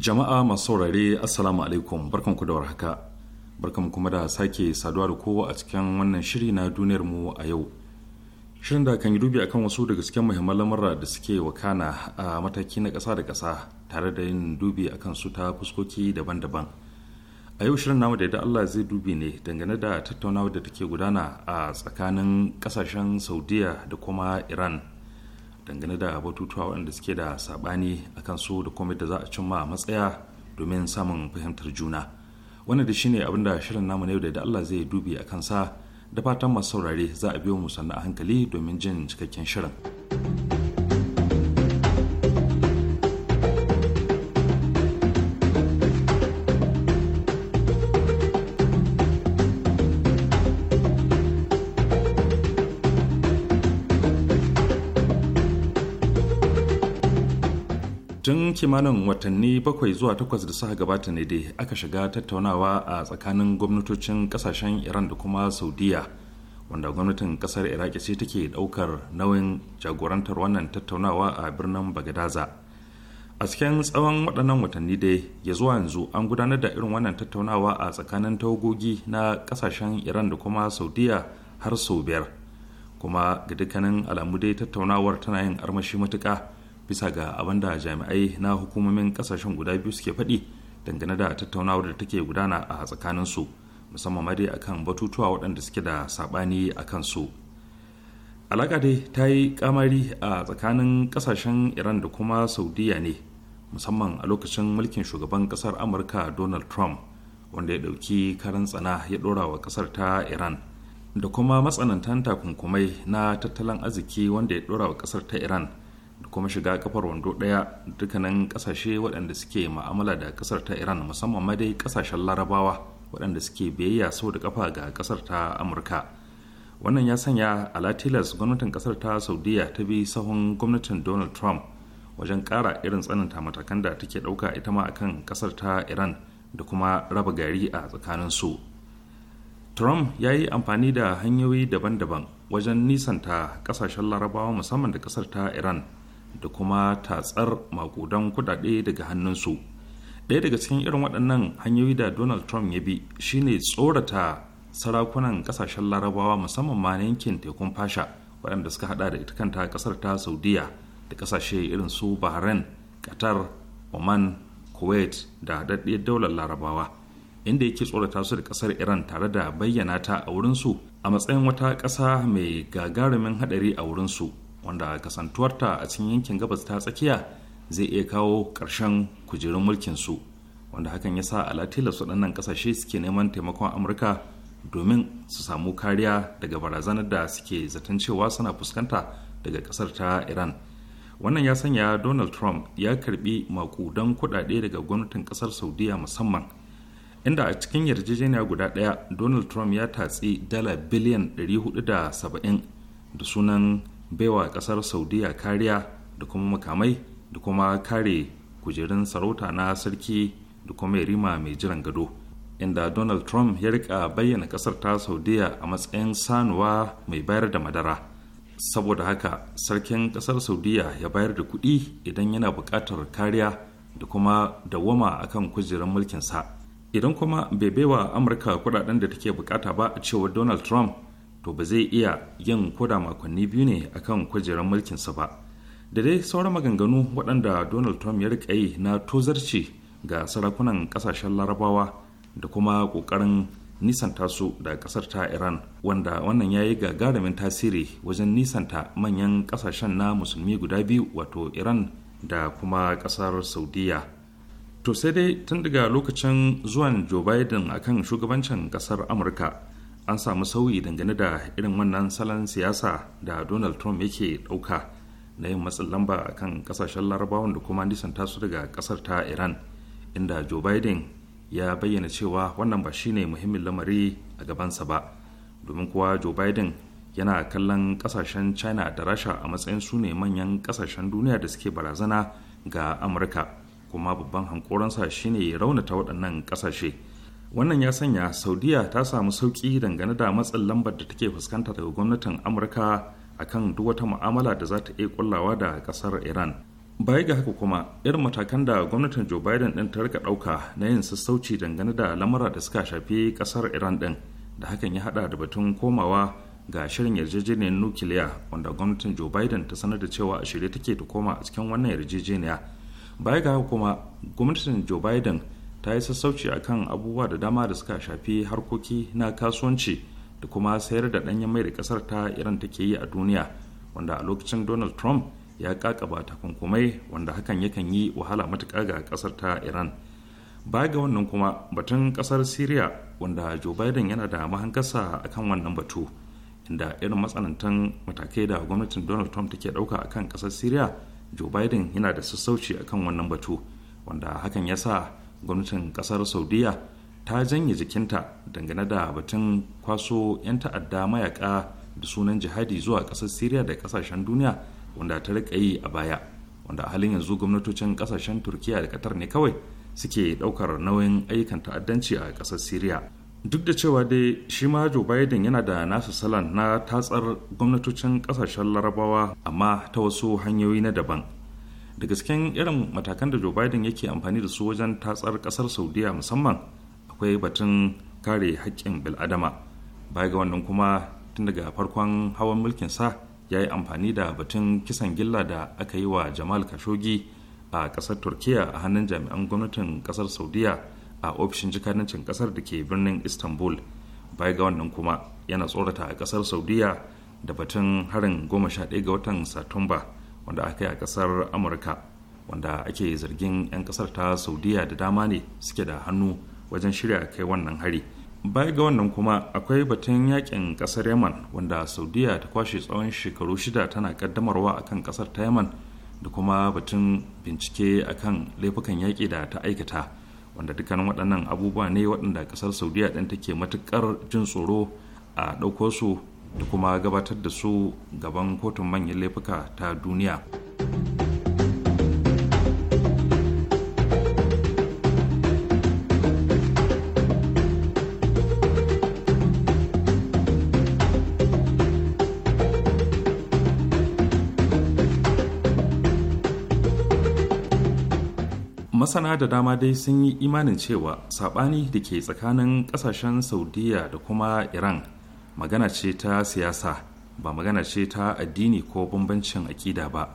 Jama'a masu saurare Assalamu alaikum barkanku da warhaka. Barkanku kuma da sake saduwa da kowa a cikin wannan shiri na duniyar mu a yau. Shirin da kan yi dubi akan wasu daga cikin muhimman lamura da suke wakana a mataki na ƙasa da kasa tare da yin dubi akan su ta fuskoki daban-daban. A yau shirin namu da Allah zai dubi ne dangane da tattaunawa da take gudana a tsakanin ƙasashen Saudiya da kuma Iran. dangane da batutuwa waɗanda suke da saɓani a kan su da komai da za a cimma matsaya domin samun fahimtar juna wannan da shine abin da shirin namu na yau da Allah zai dubi a sa da fatan masu saurare za a biyo mu sannan a hankali domin jin cikakken shirin. tun kimanin watanni bakwai zuwa takwas da suka gabata ne dai aka shiga tattaunawa a tsakanin gwamnatocin kasashen iran da kuma saudiya wanda gwamnatin kasar iraki ce take daukar nauyin jagorantar wannan tattaunawa a birnin bagadaza a cikin tsawon waɗannan watanni dai ya zuwa yanzu an gudanar da irin wannan tattaunawa a tsakanin tawagogi na kasashen iran da kuma saudiya har sau biyar kuma ga dukkanin alamu dai tattaunawar tana yin armashi matuka. bisa ga abin da jami'ai na hukumomin kasashen guda biyu suke faɗi dangane da tattaunawar da take gudana a tsakanin su musamman ma dai akan batutuwa waɗanda suke da saɓani a kansu alaƙa dai ta yi kamari a tsakanin kasashen iran da kuma saudiya ne musamman a lokacin mulkin shugaban ƙasar amurka donald trump wanda ya ɗauki karin tsana ya ɗora wa ƙasar ta iran da kuma matsanantan takunkumai na tattalin arziki wanda ya ɗora wa ƙasar ta iran kuma shiga kafar wando daya dukkanin kasashe waɗanda suke ma'amala da ƙasar ta iran musamman ma dai ƙasashen larabawa waɗanda suke biyayya sau da kafa ga ƙasar ta amurka wannan ya sanya alatilas gwamnatin kasar ta saudiya ta bi sahun gwamnatin donald trump wajen kara irin tsananta matakan da take ɗauka ita ma akan kasar ta iran da kuma raba gari a tsakanin su trump ya yi amfani da hanyoyi daban-daban wajen nisanta kasashen larabawa musamman da kasar ta iran da kuma tatsar makudan kudade daga hannunsu ɗaya daga cikin irin waɗannan hanyoyi da donald trump ya bi shine tsorata sarakunan ƙasashen larabawa musamman ma na yankin tekun fasha waɗanda suka hada da ita kanta ƙasar ta saudiya da ƙasashe irin su bahrain qatar oman kuwait da haɗaɗɗiyar daular larabawa inda yake tsorata su da ƙasar iran tare da bayyana ta a wurinsu a matsayin wata ƙasa mai gagarumin haɗari a wurinsu wanda kasantuwarta a cikin yankin gabas ta tsakiya zai iya kawo ƙarshen kujerun mulkin su wanda hakan ya sa alatila waɗannan ƙasashe suke neman taimakon amurka domin su samu kariya daga barazanar da suke zaton cewa suna fuskanta daga ƙasar ta iran wannan ya sanya donald trump ya karbi makudan kuɗaɗe daga gwamnatin ƙasar saudiya musamman inda a cikin yarjejeniya guda ɗaya donald trump ya tatsi dala biliyan 470 da sunan baiwa kasar saudiya kariya da kuma makamai da kuma kare kujerun sarauta na sarki da kuma yarima mai jiran gado inda donald trump ya rika bayyana kasar ta saudiya a matsayin sanuwa mai bayar da madara saboda haka sarkin kasar saudiya ya bayar da kuɗi idan yana buƙatar kariya da kuma dawwama akan kujerun mulkinsa idan kuma bai baiwa amurka kudaden da take bukata ba a cewar donald trump to ba zai iya yin koda makonni biyu ne akan kujerar mulkinsa ba da dai sauran maganganu waɗanda donald trump ya rika yi na tozarci ga sarakunan ƙasashen larabawa da kuma ƙoƙarin nisanta su da ƙasar ta iran wanda wannan ya yi gagarumin tasiri wajen nisanta manyan ƙasashen na musulmi guda biyu wato iran da kuma ƙasar saudiya to sai dai tun daga lokacin zuwan joe biden akan shugabancin ƙasar amurka an samu sauyi dangane da irin wannan salon siyasa da donald trump yake dauka na yin matsin lamba a kan kasashen larabawan da kuma nisan tasu daga kasar ta iran inda joe biden ya bayyana cewa wannan ba shine muhimmin lamari a gabansa ba domin kuwa joe biden yana kallon kasashen china da rasha a matsayin su ne manyan kasashen duniya da suke barazana ga amurka kuma babban hankoransa shine raunata waɗannan kasashe wannan ya sanya saudiya ta samu sauki dangane da matsin lambar da take fuskanta daga gwamnatin amurka akan duk wata mu'amala da za ta iya kullawa da ƙasar iran baya ga haka kuma irin matakan da gwamnatin joe biden ɗin ta rika ɗauka na yin sassauci dangane da lamura da suka shafi ƙasar iran ɗin da hakan ya haɗa da batun komawa ga shirin yarjejeniyar nukiliya wanda gwamnatin joe biden ta sanar da cewa a shirye take ta koma a cikin wannan yarjejeniya baya ga haka kuma gwamnatin joe biden ta yi sassauci a kan abubuwa da dama da suka shafi harkoki na kasuwanci da kuma sayar da ɗanyen mai da ƙasar ta iran take yi a duniya wanda a lokacin donald trump ya kakaba takunkumai wanda hakan yakan yi wahala matuka ga ƙasar ta iran baya ga wannan kuma batun ƙasar syria wanda joe biden yana da a akan wannan batu inda irin matsanantan matakai da gwamnatin donald trump take ɗauka kan ƙasar syria joe biden yana da sassauci akan wannan batu wanda hakan ya sa gwamnatin kasar saudiya ta janye jikinta dangane da batun kwaso 'yan ta'adda mayaka da sunan jihadi zuwa kasar syria da kasashen duniya wanda ta rika yi a baya wanda a halin yanzu gwamnatocin kasashen turkiya da qatar ne kawai suke daukar nauyin ayyukan ta'addanci a kasar syria duk da cewa dai shi ma joe biden yana da nasu salon na tatsar gwamnatocin kasashen larabawa amma ta wasu hanyoyi na daban da gasken irin matakan da joe biden yake amfani da su wajen tatsar kasar saudiya musamman akwai batun kare haƙƙin bil'adama baya ga wannan kuma tun daga farkon hawan mulkin sa ya yi amfani da batun kisan gilla da aka yi wa jamal kashogi a kasar turkiya a hannun jami'an gwamnatin kasar saudiya a ofishin jikadancin kasar da ke birnin istanbul baya ga wannan kuma yana tsorata a kasar saudiya da batun harin ɗaya ga watan satumba wanda aka yi a kasar amurka wanda ake zargin 'yan kasar ta saudiya da dama ne suke da hannu wajen shirya kai wannan hari baya ga wannan kuma akwai batun yakin kasar yaman wanda saudiya ta kwashe tsawon shekaru shida tana kaddamarwa akan kasar ta yaman da kuma batun bincike akan laifukan yaƙi da ta aikata wanda dukkanin waɗannan abubuwa ne waɗanda kasar saudiya ɗin take matuƙar jin tsoro a ɗauko su da kuma gabatar da su gaban kotun manyan laifuka ta duniya masana da dama dai sun yi imanin cewa sabani da ke tsakanin kasashen saudiya da kuma iran magana ce ta siyasa ba magana ce ta addini ko bambancin aƙida ba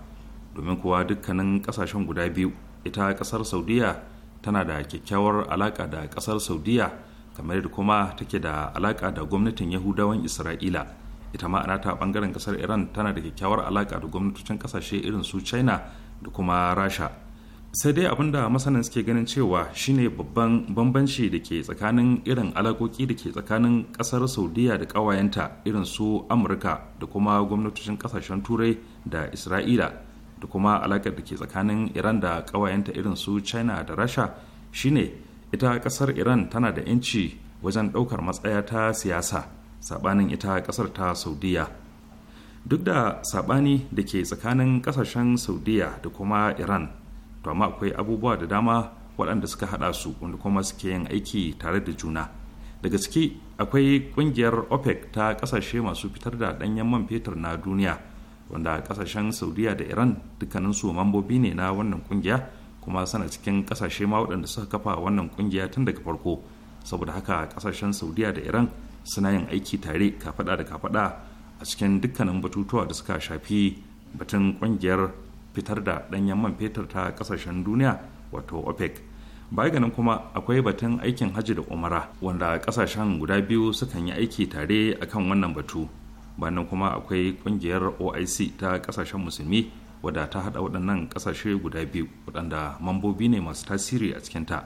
domin kuwa dukkanin ƙasashen guda biyu ita ƙasar saudiya tana da kyakkyawar alaƙa da ƙasar saudiya kamar da kuma take da alaƙa da gwamnatin yahudawan isra'ila ita ma ana ta ɓangaren ƙasar iran tana da kyakkyawar alaƙa da gwamnatocin ƙasashe irin su china da kuma rasha sai dai abin da masanan suke ganin cewa shine babban bambanci da ke tsakanin irin alakoki da ke tsakanin kasar saudiya da ƙawayenta irin su amurka da kuma gwamnatocin kasashen turai da isra'ila da kuma alakar da ke tsakanin iran da ƙawayenta irin su china da rasha shine ita kasar iran tana da 'yanci wajen ɗaukar matsaya ta siyasa saɓanin ita kasar ta saudiya duk da saɓani da ke tsakanin kasashen saudiya da kuma iran to amma akwai abubuwa da dama waɗanda suka haɗa su wanda kuma suke yin aiki tare da juna daga ciki akwai ƙungiyar opec ta ƙasashe masu fitar da ɗanyen man fetur na duniya wanda ƙasashen saudiya da iran dukkaninsu mambobi ne na wannan ƙungiya kuma sana cikin ƙasashe ma waɗanda suka kafa wannan ƙungiya tun daga farko saboda haka ƙasashen saudiya da iran suna yin aiki tare kafaɗa da kafaɗa a cikin dukkanin batutuwa da suka shafi batun ƙungiyar fitar da ɗanyen man fetur ta ƙasashen duniya wato opec baya ganin kuma akwai batun aikin hajji da umara wanda ƙasashen guda biyu sukan yi aiki tare akan wannan batu bayan kuma akwai ƙungiyar oic ta ƙasashen musulmi wadda ta haɗa waɗannan ƙasashe guda biyu waɗanda mambobi ne masu tasiri a cikinta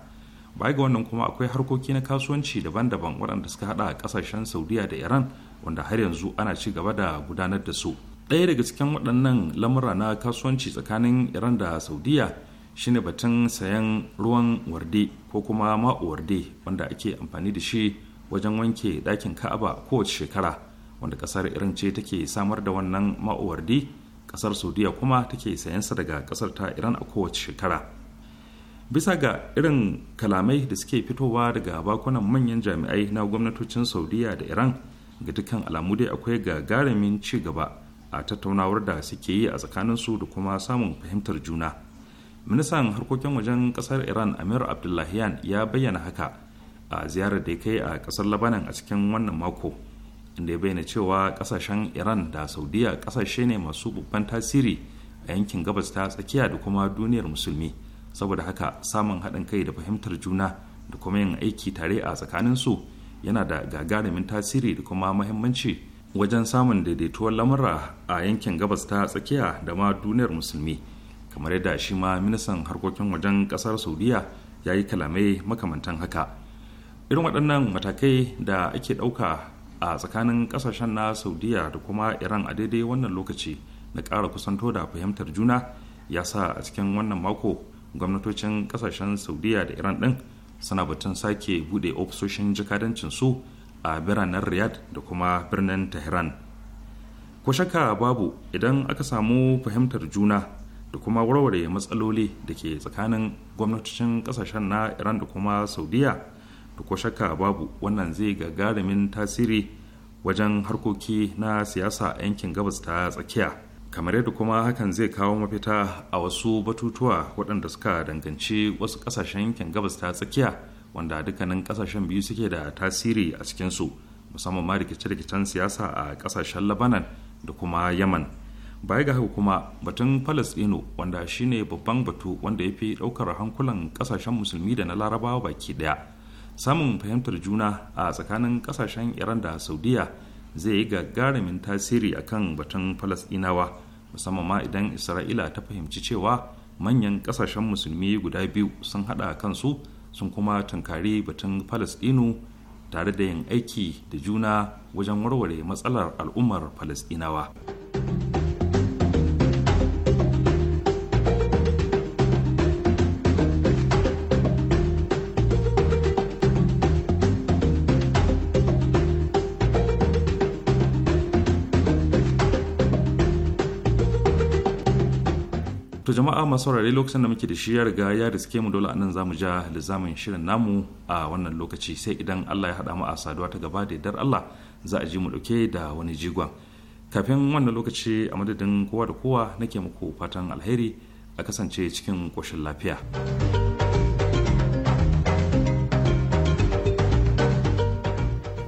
baya ga wannan kuma akwai harkoki na kasuwanci daban-daban waɗanda suka haɗa ƙasashen saudiya da iran wanda har yanzu ana ci gaba da gudanar da su ɗaya daga cikin waɗannan lamura na kasuwanci tsakanin iran da saudiya shine batun sayan ruwan warde ko kuma ma'o warde wanda ake amfani da shi wajen wanke ɗakin ka'aba kowace shekara wanda ƙasar iran ce take samar da wannan ma'o warde ƙasar saudiya kuma take sayansa daga ƙasar ta iran a kowace shekara bisa ga irin kalamai da suke fitowa daga bakunan manyan jami'ai na gwamnatocin saudiya da iran ga dukkan alamu dai akwai gagarumin ci gaba a tattaunawar da suke yi a tsakaninsu da kuma samun fahimtar juna ministan harkokin wajen kasar iran amir Abdullahiyan ya bayyana haka a ziyarar da ya kai a kasar labanan a cikin wannan mako inda ya bayyana cewa kasashen iran da saudiya kasashe ne masu babban tasiri a yankin gabas ta tsakiya da kuma duniyar musulmi saboda haka samun haɗin kai da fahimtar juna da kuma yin aiki tare a tsakaninsu yana da gagarumin tasiri da kuma mahimmanci. wajen samun daidaituwar lamura a yankin gabas ta tsakiya da ma duniyar musulmi kamar yadda shi ma ministan harkokin wajen kasar saudiya ya yi kalamai makamantan haka irin waɗannan matakai da ake ɗauka a tsakanin ƙasashen na saudiya da kuma iran a daidai wannan lokaci na ƙara kusanto da fahimtar juna ya sa a cikin wannan mako gwamnatocin ƙasashen saudiya da iran ɗin suna batun sake buɗe ofisoshin jikadancin su a biranen riyadh da kuma birnin tehran ko shakka babu idan aka samu fahimtar juna da kuma warware matsaloli da ke tsakanin gwamnatocin kasashen na iran da kuma saudiya da ko shakka babu wannan zai gagarumin tasiri wajen harkoki na siyasa a yankin gabas ta tsakiya kamar yadda kuma hakan zai kawo mafita a wasu batutuwa waɗanda suka danganci wasu ƙasashen yankin gabas ta tsakiya wanda dukkanin kasashen biyu suke da tasiri a cikinsu musamman ma rikice-rikicen siyasa a kasashen labanan da kuma yaman baya ga haka kuma batun palestino wanda shine babban batu wanda ya fi ɗaukar hankulan kasashen musulmi da na larabawa baki daya samun fahimtar juna a tsakanin kasashen iran da saudiya zai yi gagarumin tasiri a kan batun palestinawa musamman ma idan isra'ila ta fahimci cewa manyan kasashen musulmi guda biyu sun hada kansu sun kuma tunkari batun falasɗinu tare da yin aiki da juna wajen warware matsalar al'ummar falasɗinawa. jama'a masu saurare lokacin da muke da shi ya riga ya riske mu dole anan zamu ja lizamin shirin namu a wannan lokaci sai idan Allah ya haɗa mu a saduwa ta gaba da yardar Allah za a ji mu ɗauke da wani jigon kafin wannan lokaci a madadin kowa da kowa nake muku fatan alheri a kasance cikin koshin lafiya.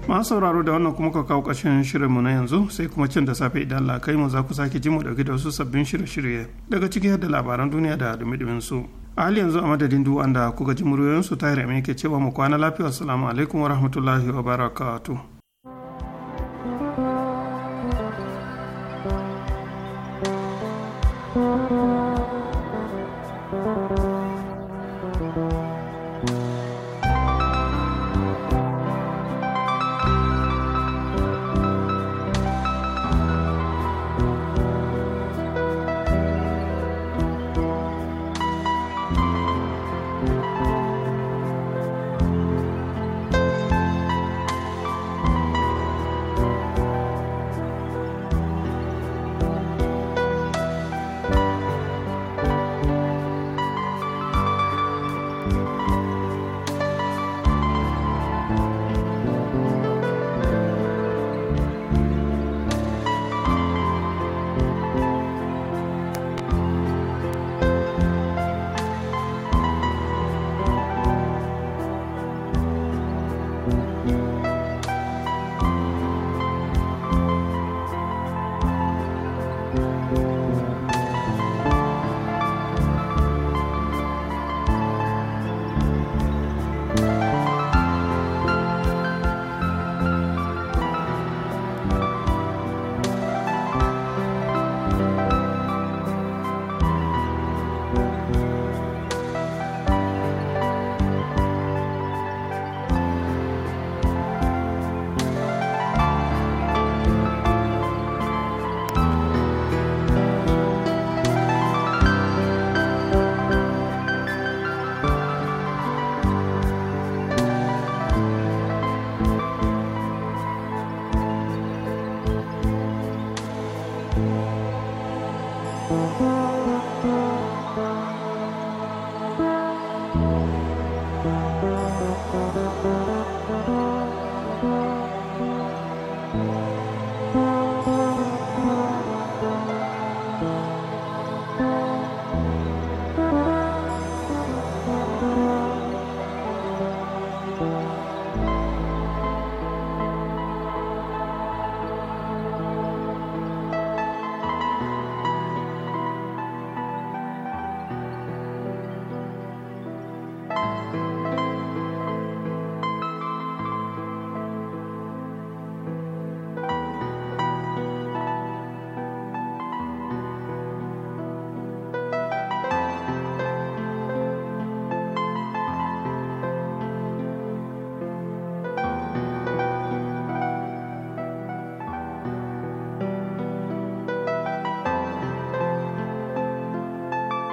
masu sauraro da wannan kuma ka kawo ƙarshen shirinmu na yanzu sai kuma can da safe idan lakai kai mu za ku sake ji mu dauki da wasu sabbin shirye-shirye daga ciki da labaran duniya da dumi-dumin su a hali yanzu a madadin duk wanda kuka ji muryoyin su tahir ke cewa mu kwana lafiya assalamu alaikum wa rahmatullahi wa barakatuh